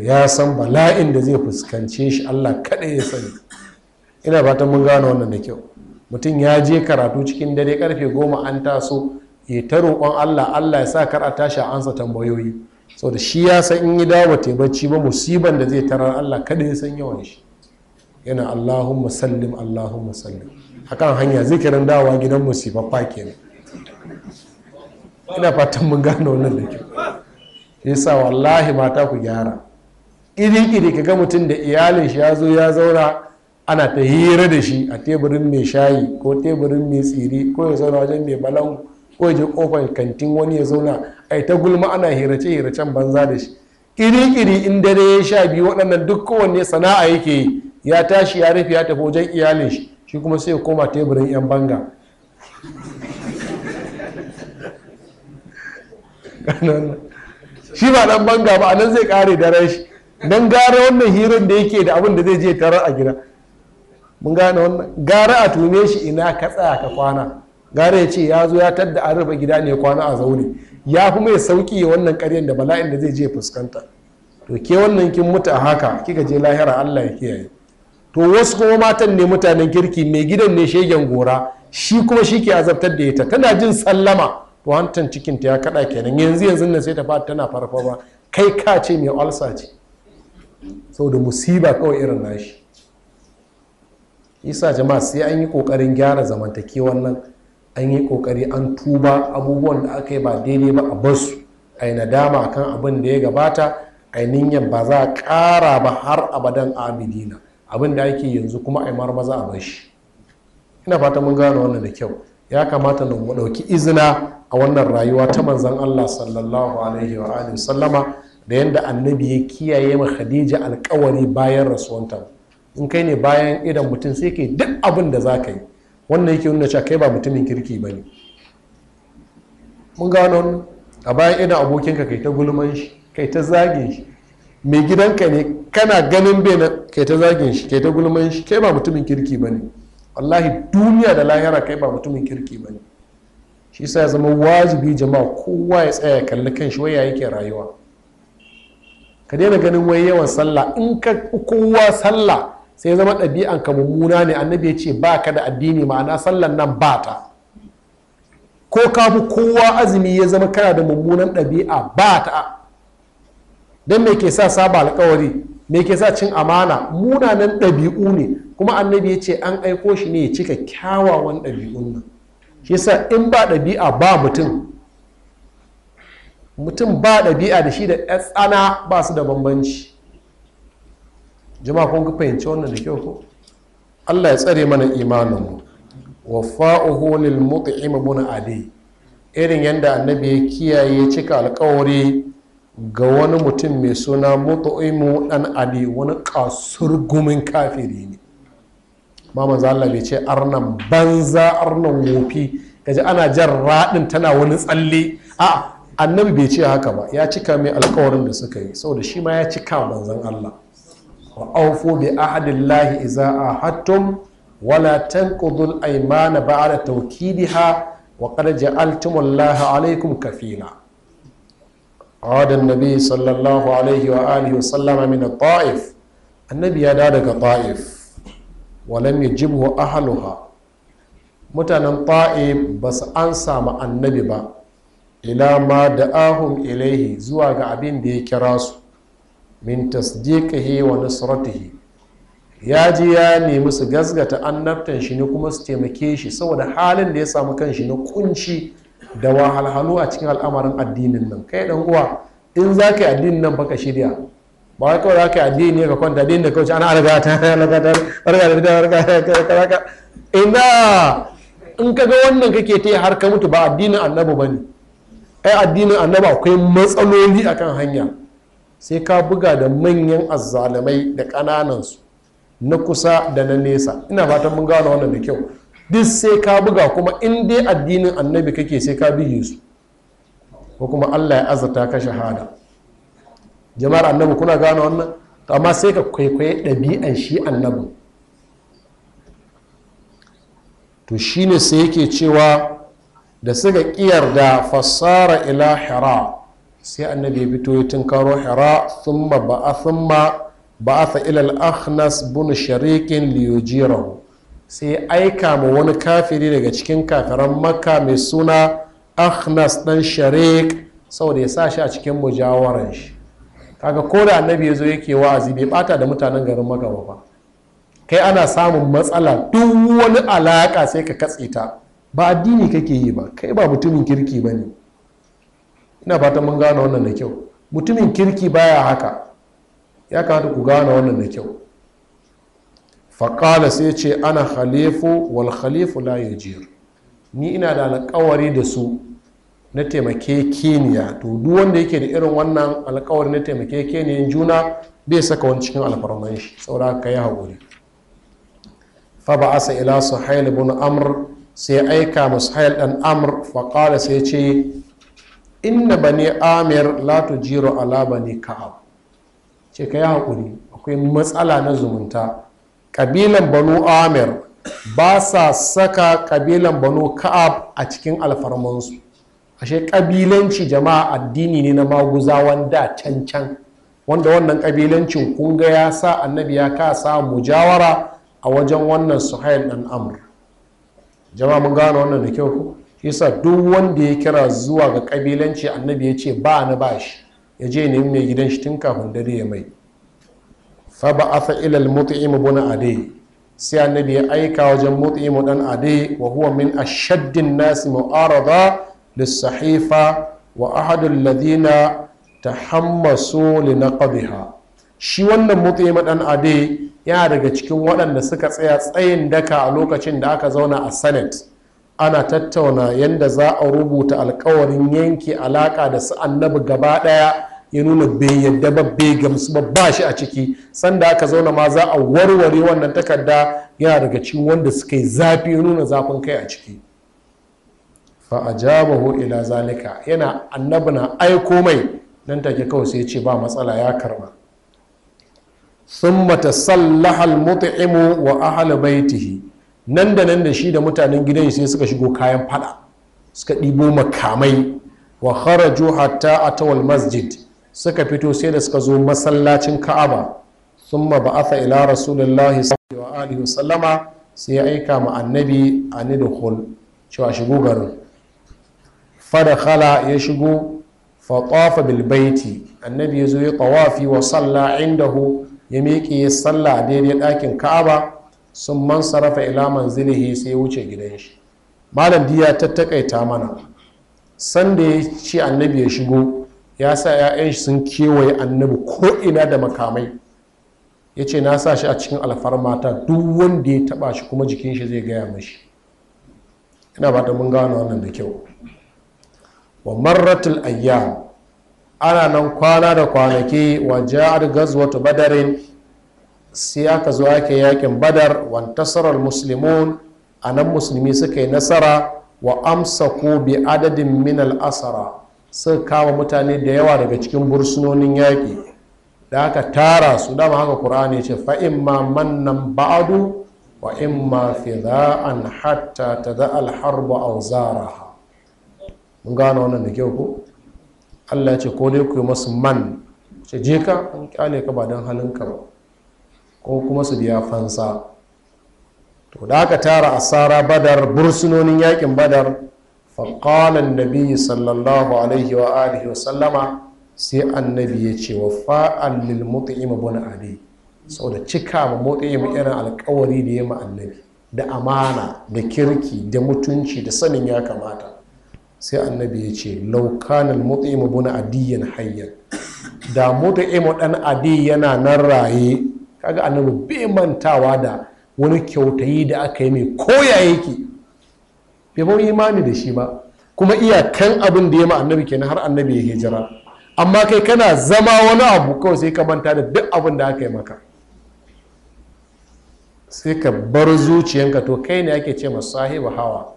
ya san bala'in da zai fuskance shi allah kaɗai ya sani ina fatan mun gano wannan da kyau mutum ya je karatu cikin dare karfe goma an taso ya ta roƙon allah allah ya sa kar a tashi a ansa tambayoyi sau da shi ya san in yi dawo ta bacci ba musiban da zai tarar allah kaɗai ya san yawan shi yana allahumma sallim allahumma sallim akan hanya zikirin dawowa gidan musibaffa kenan ina fatan mun gano wannan da kyau yasa wallahi mata ku gyara iri-iri ka ga mutum da iyalin shi ya zo ya zauna ana ta hira da shi a teburin mai shayi ko teburin mai tsiri ko ya zauna wajen mai balon, ko ji kofar kantin wani ya zauna a ta gulma ana hirace hiracen banza da shi iri-iri in dare ya sha biyu waɗannan duk kowanne sana'a yake yi ya tashi ya rufe ya tafi wajen iyalin shi shi kuma sai ya koma teburin 'yan banga shi ba dan banga ba nan zai kare dare shi don gara wannan hirin da yake da abin da zai je tarar a gida mun gane wannan gara a tume shi ina ka tsaya ka kwana gara ya ce ya zo ya tadda an rufe gida ne kwana a zaune ya fi mai sauki wannan karyan da bala'in da zai je fuskanta to ke wannan kin mutu a haka kika je lahira allah ya kiyaye to wasu kuma matan ne mutanen kirki mai gidan ne shegen gora shi kuma shi ke azabtar da ita tana jin sallama to hantan ta ya kada kenan yanzu yanzu nan sai ta fata tana farfaba kai ka ce mai alsa ce saboda musiba kawai irin nashi isa jama'a sai an yi kokarin gyara zamantake wannan, an yi kokari an tuba abubuwan da aka yi ba daidai ba a basu a yi nadama kan abin da ya gabata a niyyar ba za a ƙara ba har abadan abidina abin da ake yanzu kuma a maza a bar shi ina fata mun gano wannan da kyau ya kamata na mu ɗauki izina a wannan rayuwa ta manzan Allah sallallahu alaihi wa alihi sallama da yadda annabi ya kiyaye ma Khadija alkawari bayan rasuwanta in kai ne bayan idan mutum sai kai duk abin da za ka yi wannan yake nuna cewa kai ba mutumin kirki ba ne mun gano a bayan idan abokinka kai ta gulman shi kai ta zage shi mai gidanka ne kana ganin bai na kai ta zagin shi kai ta gulman shi kai ba mutumin kirki ba ne wallahi duniya da lahira kai ba mutumin kirki ba ne shi sa ya zama wajibi jama'a kowa ya tsaya ya kalli kan shi waya yake rayuwa ka daina ganin wai yawan sallah in ka kowa sallah sai zama ɗabi'an ka mummuna ne annabi ya ce ba ka da addini ma'ana sallan nan ba ta ko ka fi kowa azumi ya zama kana da mummunan ɗabi'a ba ta don me ke sa saba alkawari me ke sa cin amana munanan ɗabi'u ne kuma annabi ya ce an aiko shi ne ya cika kyawawan ɗabi'un nan shi yasa in ba ɗabi'a ba mutum mutum ba ɗabi'a da shi da tsana ba su da bambanci jama'a kun fahimci wannan da kyau ko allah ya tsare mana imaninmu fa'uhu lil mut'im ibn ali irin yadda annabi ya kiyaye cika alkawari ga wani mutum mai suna mutu'imu dan ali wani gumin kafiri ne ma manzo bai ce arnan banza arnan wofi kaji ana jan raɗin tana wani tsalle a annabi bai ce haka ba ya cika mai alkawarin da suka yi saboda shi ma ya cika banzan Allah wa aufu bi ahadillahi iza ahadtum wala tanqudul aymana ba'da tawkidiha wa qad ja'altumullaha alaikum kafila عاد النبي صلى الله عليه وآله وسلم من الطائف النبي يا دادك طائف ولم يجبه أهلها mutanen ta'ib ba su an samu annabi ba ila ma da ahun ilaihi zuwa ga abin da ya kira su min tasdiqihi wa nusratihi ya ji ya nemi su gazgata annabtan shi ne kuma su taimake shi saboda halin da ya samu kan shi na kunci da wahalhalu a cikin al'amarin addinin nan kai dan uwa in za ka yi addinin nan baka shirya ba wai kawai za ka yi addini ka kwanta addini da kawai ana arga ta arga ta arga ta arga ta ina in ka ga wannan kake ta har ka mutu ba addinin annabi ba ne ai addinin annabi akwai matsaloli akan hanya sai ka buga da manyan azzalumai da ƙananansu na kusa da na nesa ina fatan mun gano wannan da kyau duk sai ka buga kuma in dai addinin annabi kake sai ka bige su ko kuma allah ya azata ka shahada jama'ar annabi kuna gane wannan to amma sai ka kwaikwaye ɗabi'an shi annabi to shine sai yake cewa da suka ƙiyar da fassara ila hira sai annabi ya fito ya tunkaro hira thumma ba'a thumma ba'a ila al-akhnas bunu sharikin liyujirahu sai aika ma wani kafiri daga cikin kafiran makka mai suna ahnas dan Sau saboda ya sa shi a cikin mujawaran shi kaga ko da annabi ya zo yake wa'azi bai bata da mutanen garin makka ba kai ana samun matsala duk wani alaka sai ka katse ta ba addini kake yi ba kai ba mutumin kirki ba ne ina fatan mun gane wannan da kyau mutumin kirki baya haka ya kamata ku gane wannan da kyau faƙala sai ce ana khalifu wal khalifu la yajir ni ina da alƙawari da su na taimake keniya to duk wanda yake da irin wannan alƙawari na taimake keniyan juna bai saka wani cikin alfarman shi saura ka yi haƙuri fa ba asa ila suhail ibn amr sai aika musahail dan amr faƙala sai ce inna bani amir la tujiro ala bani ka'ab ce ka yi haƙuri akwai matsala na zumunta ƙabilan banu amir ba sa saka kabilan banu ka'ab a cikin alfarmansu ashe ƙabilanci jama'a addini ne na maguzawan da can can wanda wannan ƙabilancin kunga ya sa annabi ya kasa mujawara a wajen wannan suhail dan amr jama'a mun gano wannan da kyau yasa duk wanda ya kira zuwa ga ƙabilanci annabi ya ce ba na ba shi ya je nemi mai gidan shi tun kafin dare ya mai fa ba'atha ila al-mut'im buna ade sai annabi ya aika wajen mut'im dan ade wa huwa min ashaddin nasi mu'arada lis-sahifa wa ahadul ladina ta-hammasu li naqdiha shi wannan mut'im dan ade yana daga cikin waɗanda suka tsaya tsayin daka a lokacin da aka zauna a senate ana tattauna yadda za a rubuta alkawarin yanke alaka da su annabi gaba ɗaya ya nuna bai yadda ba bai gamsu ba ba shi a ciki sanda aka zauna ma za a warware wannan takarda yana daga cikin wanda suka yi zafi ya nuna zafin kai a ciki fa ajabahu ila zalika yana annabi na aiko mai nan take kawai sai ce ba matsala ya karba sun tasallaha al-mut'imu wa ahli baitihi nan da nan da shi da mutanen gidan sai suka shigo kayan fada suka ɗibo makamai wa kharaju hatta atawal masjid suka fito sai da suka zo masallacin ka'aba sun ba'atha ila rasulullahi sallallahu alaihi wasallama sai ya aika ma annabi a nidhul cewa shigo garin khala ya shigo fatafa bilbaiti annabi ya zo ya tawafi wa salla indahu ya miƙe ya salla daidai ɗakin ka'aba sun man sarrafa ila manzilihi sai ya wuce gidan shi malam diya ta takaita mana sanda ya ce annabi ya shigo ya sa 'ya'yan shi sun kewaye annabi ko ina da makamai ya ce na sa shi a cikin alfarmata duk wanda ya taba shi kuma jikin shi zai gaya mashi ina ba ta mun gano wannan da kyau wa marratul ayyam ana nan kwana da kwanaki wa ja'ar gazwatu badarin sai aka zo ake yakin badar wa tasarar muslimun a nan musulmi suka yi nasara wa amsa ko bi adadin minal asara sun kama mutane da yawa daga cikin bursunonin yaƙi da aka tara su dama haka ƙur'ani ce ma mannan ba'adu wa fi za'an hatta ta a zara ha mun gano wannan da kyau ko allah ya ce ko dai ku yi masu man ce je ka an kyale ka ba don halin ka ba ko kuma su biya fansa to da aka tara asara badar bursunonin yaƙin badar faƙalar nabi sallallahu alaihi wa alihi sai annabi ya ce wa fa'al lil mutu'im ibn abi saboda cika ma mutu'im irin alƙawari da ya ma annabi da amana da kirki da mutunci da sanin ya kamata sai annabi ya ce laukanin mutu'im ibn adiyan hayyan da mutu'im dan adi yana nan raye kaga annabi bai mantawa da wani kyautayi da aka yi mai koya yake bai bau imani da shi ba kuma iyakan abin da ya ma annabi kenan har annabi ya hijira amma kai kana zama wani abu kawai sai ka manta da duk abin da aka yi maka sai ka bar zuciyanka to kai ne ake ce masu sahiba hawa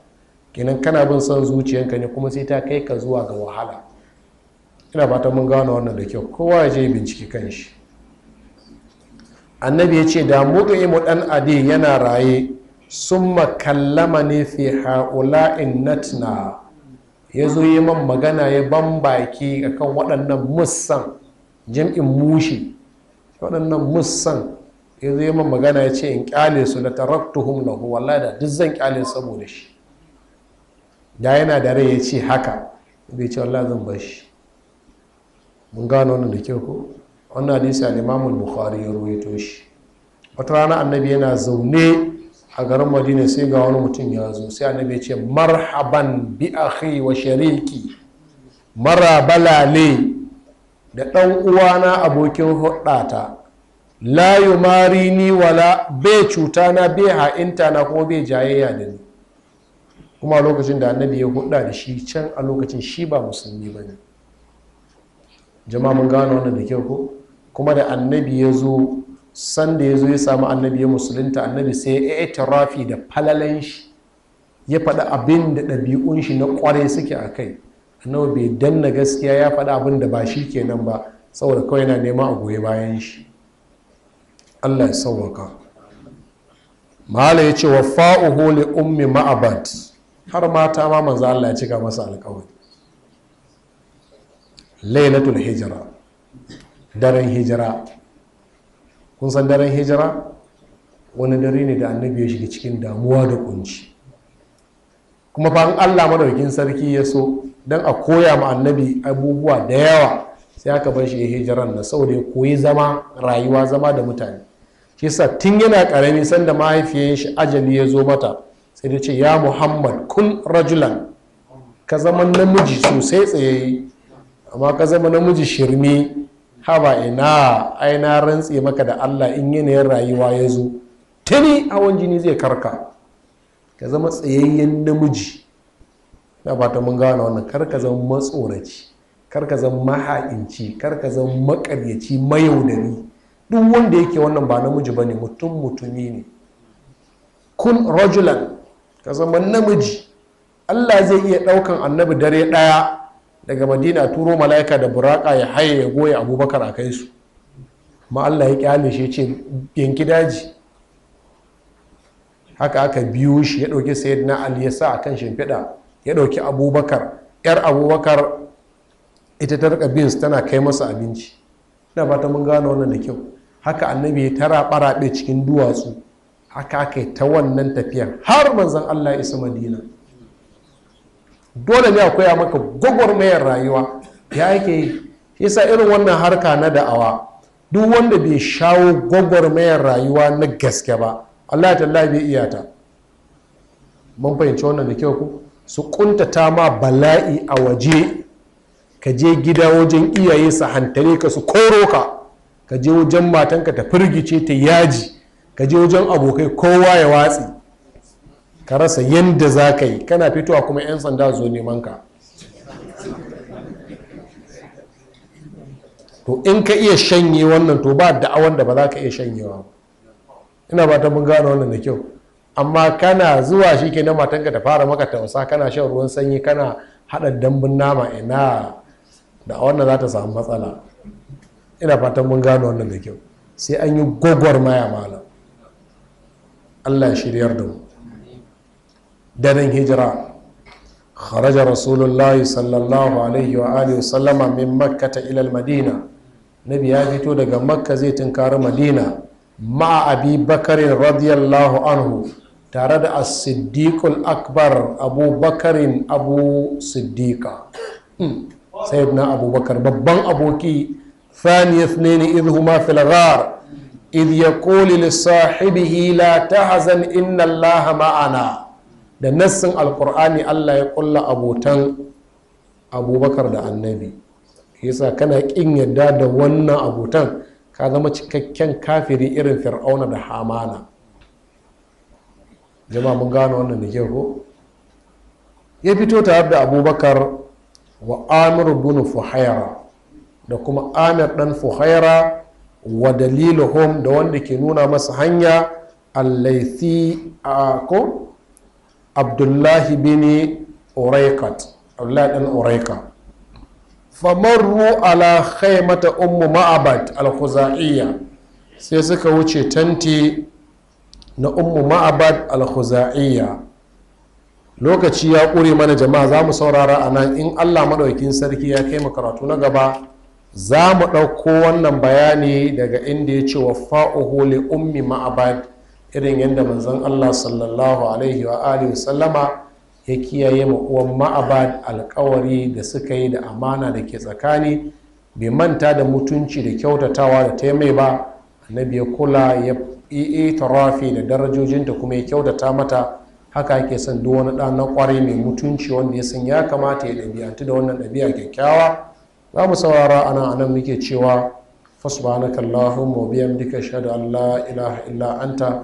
kenan kana bin son zuciyanka ne kuma sai ta kai ka zuwa ga wahala ina fata mun gano wannan da kyau kowa ya je bincike kan shi annabi ya ce da mutu mu dan ade yana raye summa kallama ne fi ha'ula'in natna ya zo yi man magana ya ban baki a kan waɗannan musan jam'in mushi waɗannan musan ya zo yi man magana ya ce in kyale su da taraktuhum lahu huwala da duk zan kyale saboda shi da yana da rai ya ce haka bai ce wallah zan bar shi mun gano wannan da kyau ko wannan hadisi al-Imam Bukhari ya rawaito shi wata rana annabi yana zaune a garin madina sai ga wani mutum ya zo sai annabi ya ce marhaban bi akhi wa shariki mara balale da ɗan uwana abokin hudata la yumari ni wala be cuta na bai ha'inta na ko be jayayya da ni kuma a lokacin da annabi ya hudda da shi can a lokacin shi ba musulmi ba ne jama'a mun gano wannan da kyau ko kuma da annabi ya zo sanda ya zo ya samu annabi ya musulunta annabi sai ya itirafi da falalen shi ya faɗa abin da ɗabi'un shi na ƙwarai suke a kai annabi bai danna gaskiya ya faɗa abin da ba shi ke nan ba saboda kawai yana neman a goyi bayan shi allah ya sauwaka mahala ya ce wa fa'uhu li ummi ma'abad har mata ma manzo allah ya cika masa alƙawari lailatul hijira daren hijira kun san daren hijira wani dare ne da annabi ya shiga cikin damuwa da kunci kuma fa Allah madaukin sarki ya so don a koya ma annabi abubuwa da yawa sai aka bar shi ya hijiran na saboda ya koyi zama rayuwa zama da mutane shi sa tun yana karami sanda mahaifiyar shi ajali ya zo mata sai dai ce ya muhammad kun rajulan ka zama namiji sosai tsayayi amma ka zama namiji shirme haba ina ai na rantse maka da allah in yanayin rayuwa ya zo tuni hawan jini zai karka ka zama tsayayyen namiji na fata mun gane wannan karka zama matsoraci karka zama maha'inci karka zama makaryaci mayaudari duk wanda yake wannan ba namiji ba ne mutum mutumi ne kun rajulan ka zama namiji allah zai iya ɗaukan annabi dare ɗaya daga madina turo mala'ika da buraka ya haye ya goya abubakar a kai su ma allah ya kyale shi ce yanki daji haka aka biyu shi ya ɗauki sayid na ya sa a kan shimfiɗa ya ɗauki abubakar yar abubakar ita ta rika bins tana kai masa abinci ina fata mun gano wannan da kyau haka annabi ya tara rabe cikin duwatsu haka aka yi ta wannan tafiya har manzon allah isa madina dole ne a koya maka gwagwarmayar rayuwa ya ake yi yasa irin wannan harka na da'awa duk wanda bai shawo gwagwarmayar rayuwa na gaske ba allah talla bai iya ta mun fahimci wannan da kyau ku su kuntata ma bala'i a waje ka je gida wajen iyaye su hantare ka su koro ka ka je wajen matanka ta firgice ta yaji ka je wajen abokai kowa ya watsi ka rasa yadda za ka yi kana fitowa kuma 'yan sanda zo neman ka to in ka iya shanye wannan to ba da'awan da ba za ka iya shanyewa ina ba ta mun gane wannan da kyau amma kana zuwa shi ke na matanka ta fara maka tausa kana shan ruwan sanyi kana haɗa dambun nama ina da wannan za ta samu matsala ina fatan mun gano wannan da kyau sai an yi maya malam allah shiryar da mu daren hijira kharaja rasulullahi sallallahu alaihi wa alihi min makka ta ilal madina nabi ya fito daga makka zai tunkari madina ma'a Abibakarin bakarin radiyallahu anhu tare da as-siddiqul akbar abu bakarin abu siddiqa hmm. sayyidina abubakar babban aboki ثاني اثنين إذ هما في الغار إذ يقول لصاحبه لا تحزن إن الله معنا da nassin alkur'ani allah ya kulla abotan abubakar da annabi yasa kana kin yadda da wannan abotan ka zama cikakken kafiri irin fir'auna da hamana jama'a mun gano wannan da ko ya fito tare da abubakar wa amir bin fuhaira da kuma amir dan fuhaira wa hom da wanda ke nuna masa hanya allaithi a ko abdullahi bin uraikat abdullahi dan uraika famarru ala khaymata ummu ma'abad al sai suka wuce tanti na umu ma'abad al lokaci ya ƙure mana jama'a za mu saurara a nan in allah maɗaukin sarki ya kai mu karatu na gaba za mu ɗauko wannan bayani daga inda ya ce wa fa'uhu li ummi ma'abad irin yadda manzon allah sallallahu alaihi wa alihi sallama ya kiyaye ma uwan ma'abad alkawari da suka yi da amana da ke tsakani bai manta da mutunci da kyautatawa da taimai ba annabi ya kula ya yi tarafi da darajojinta kuma ya kyautata mata haka ake son duk wani ɗan na ƙwarai mai mutunci wanda ya san ya kamata ya ɗabi'antu da wannan ɗabi'a kyakkyawa za mu saurara ana anan muke cewa fasbanaka allahumma wa bihamdika shahadu an la ilaha illa anta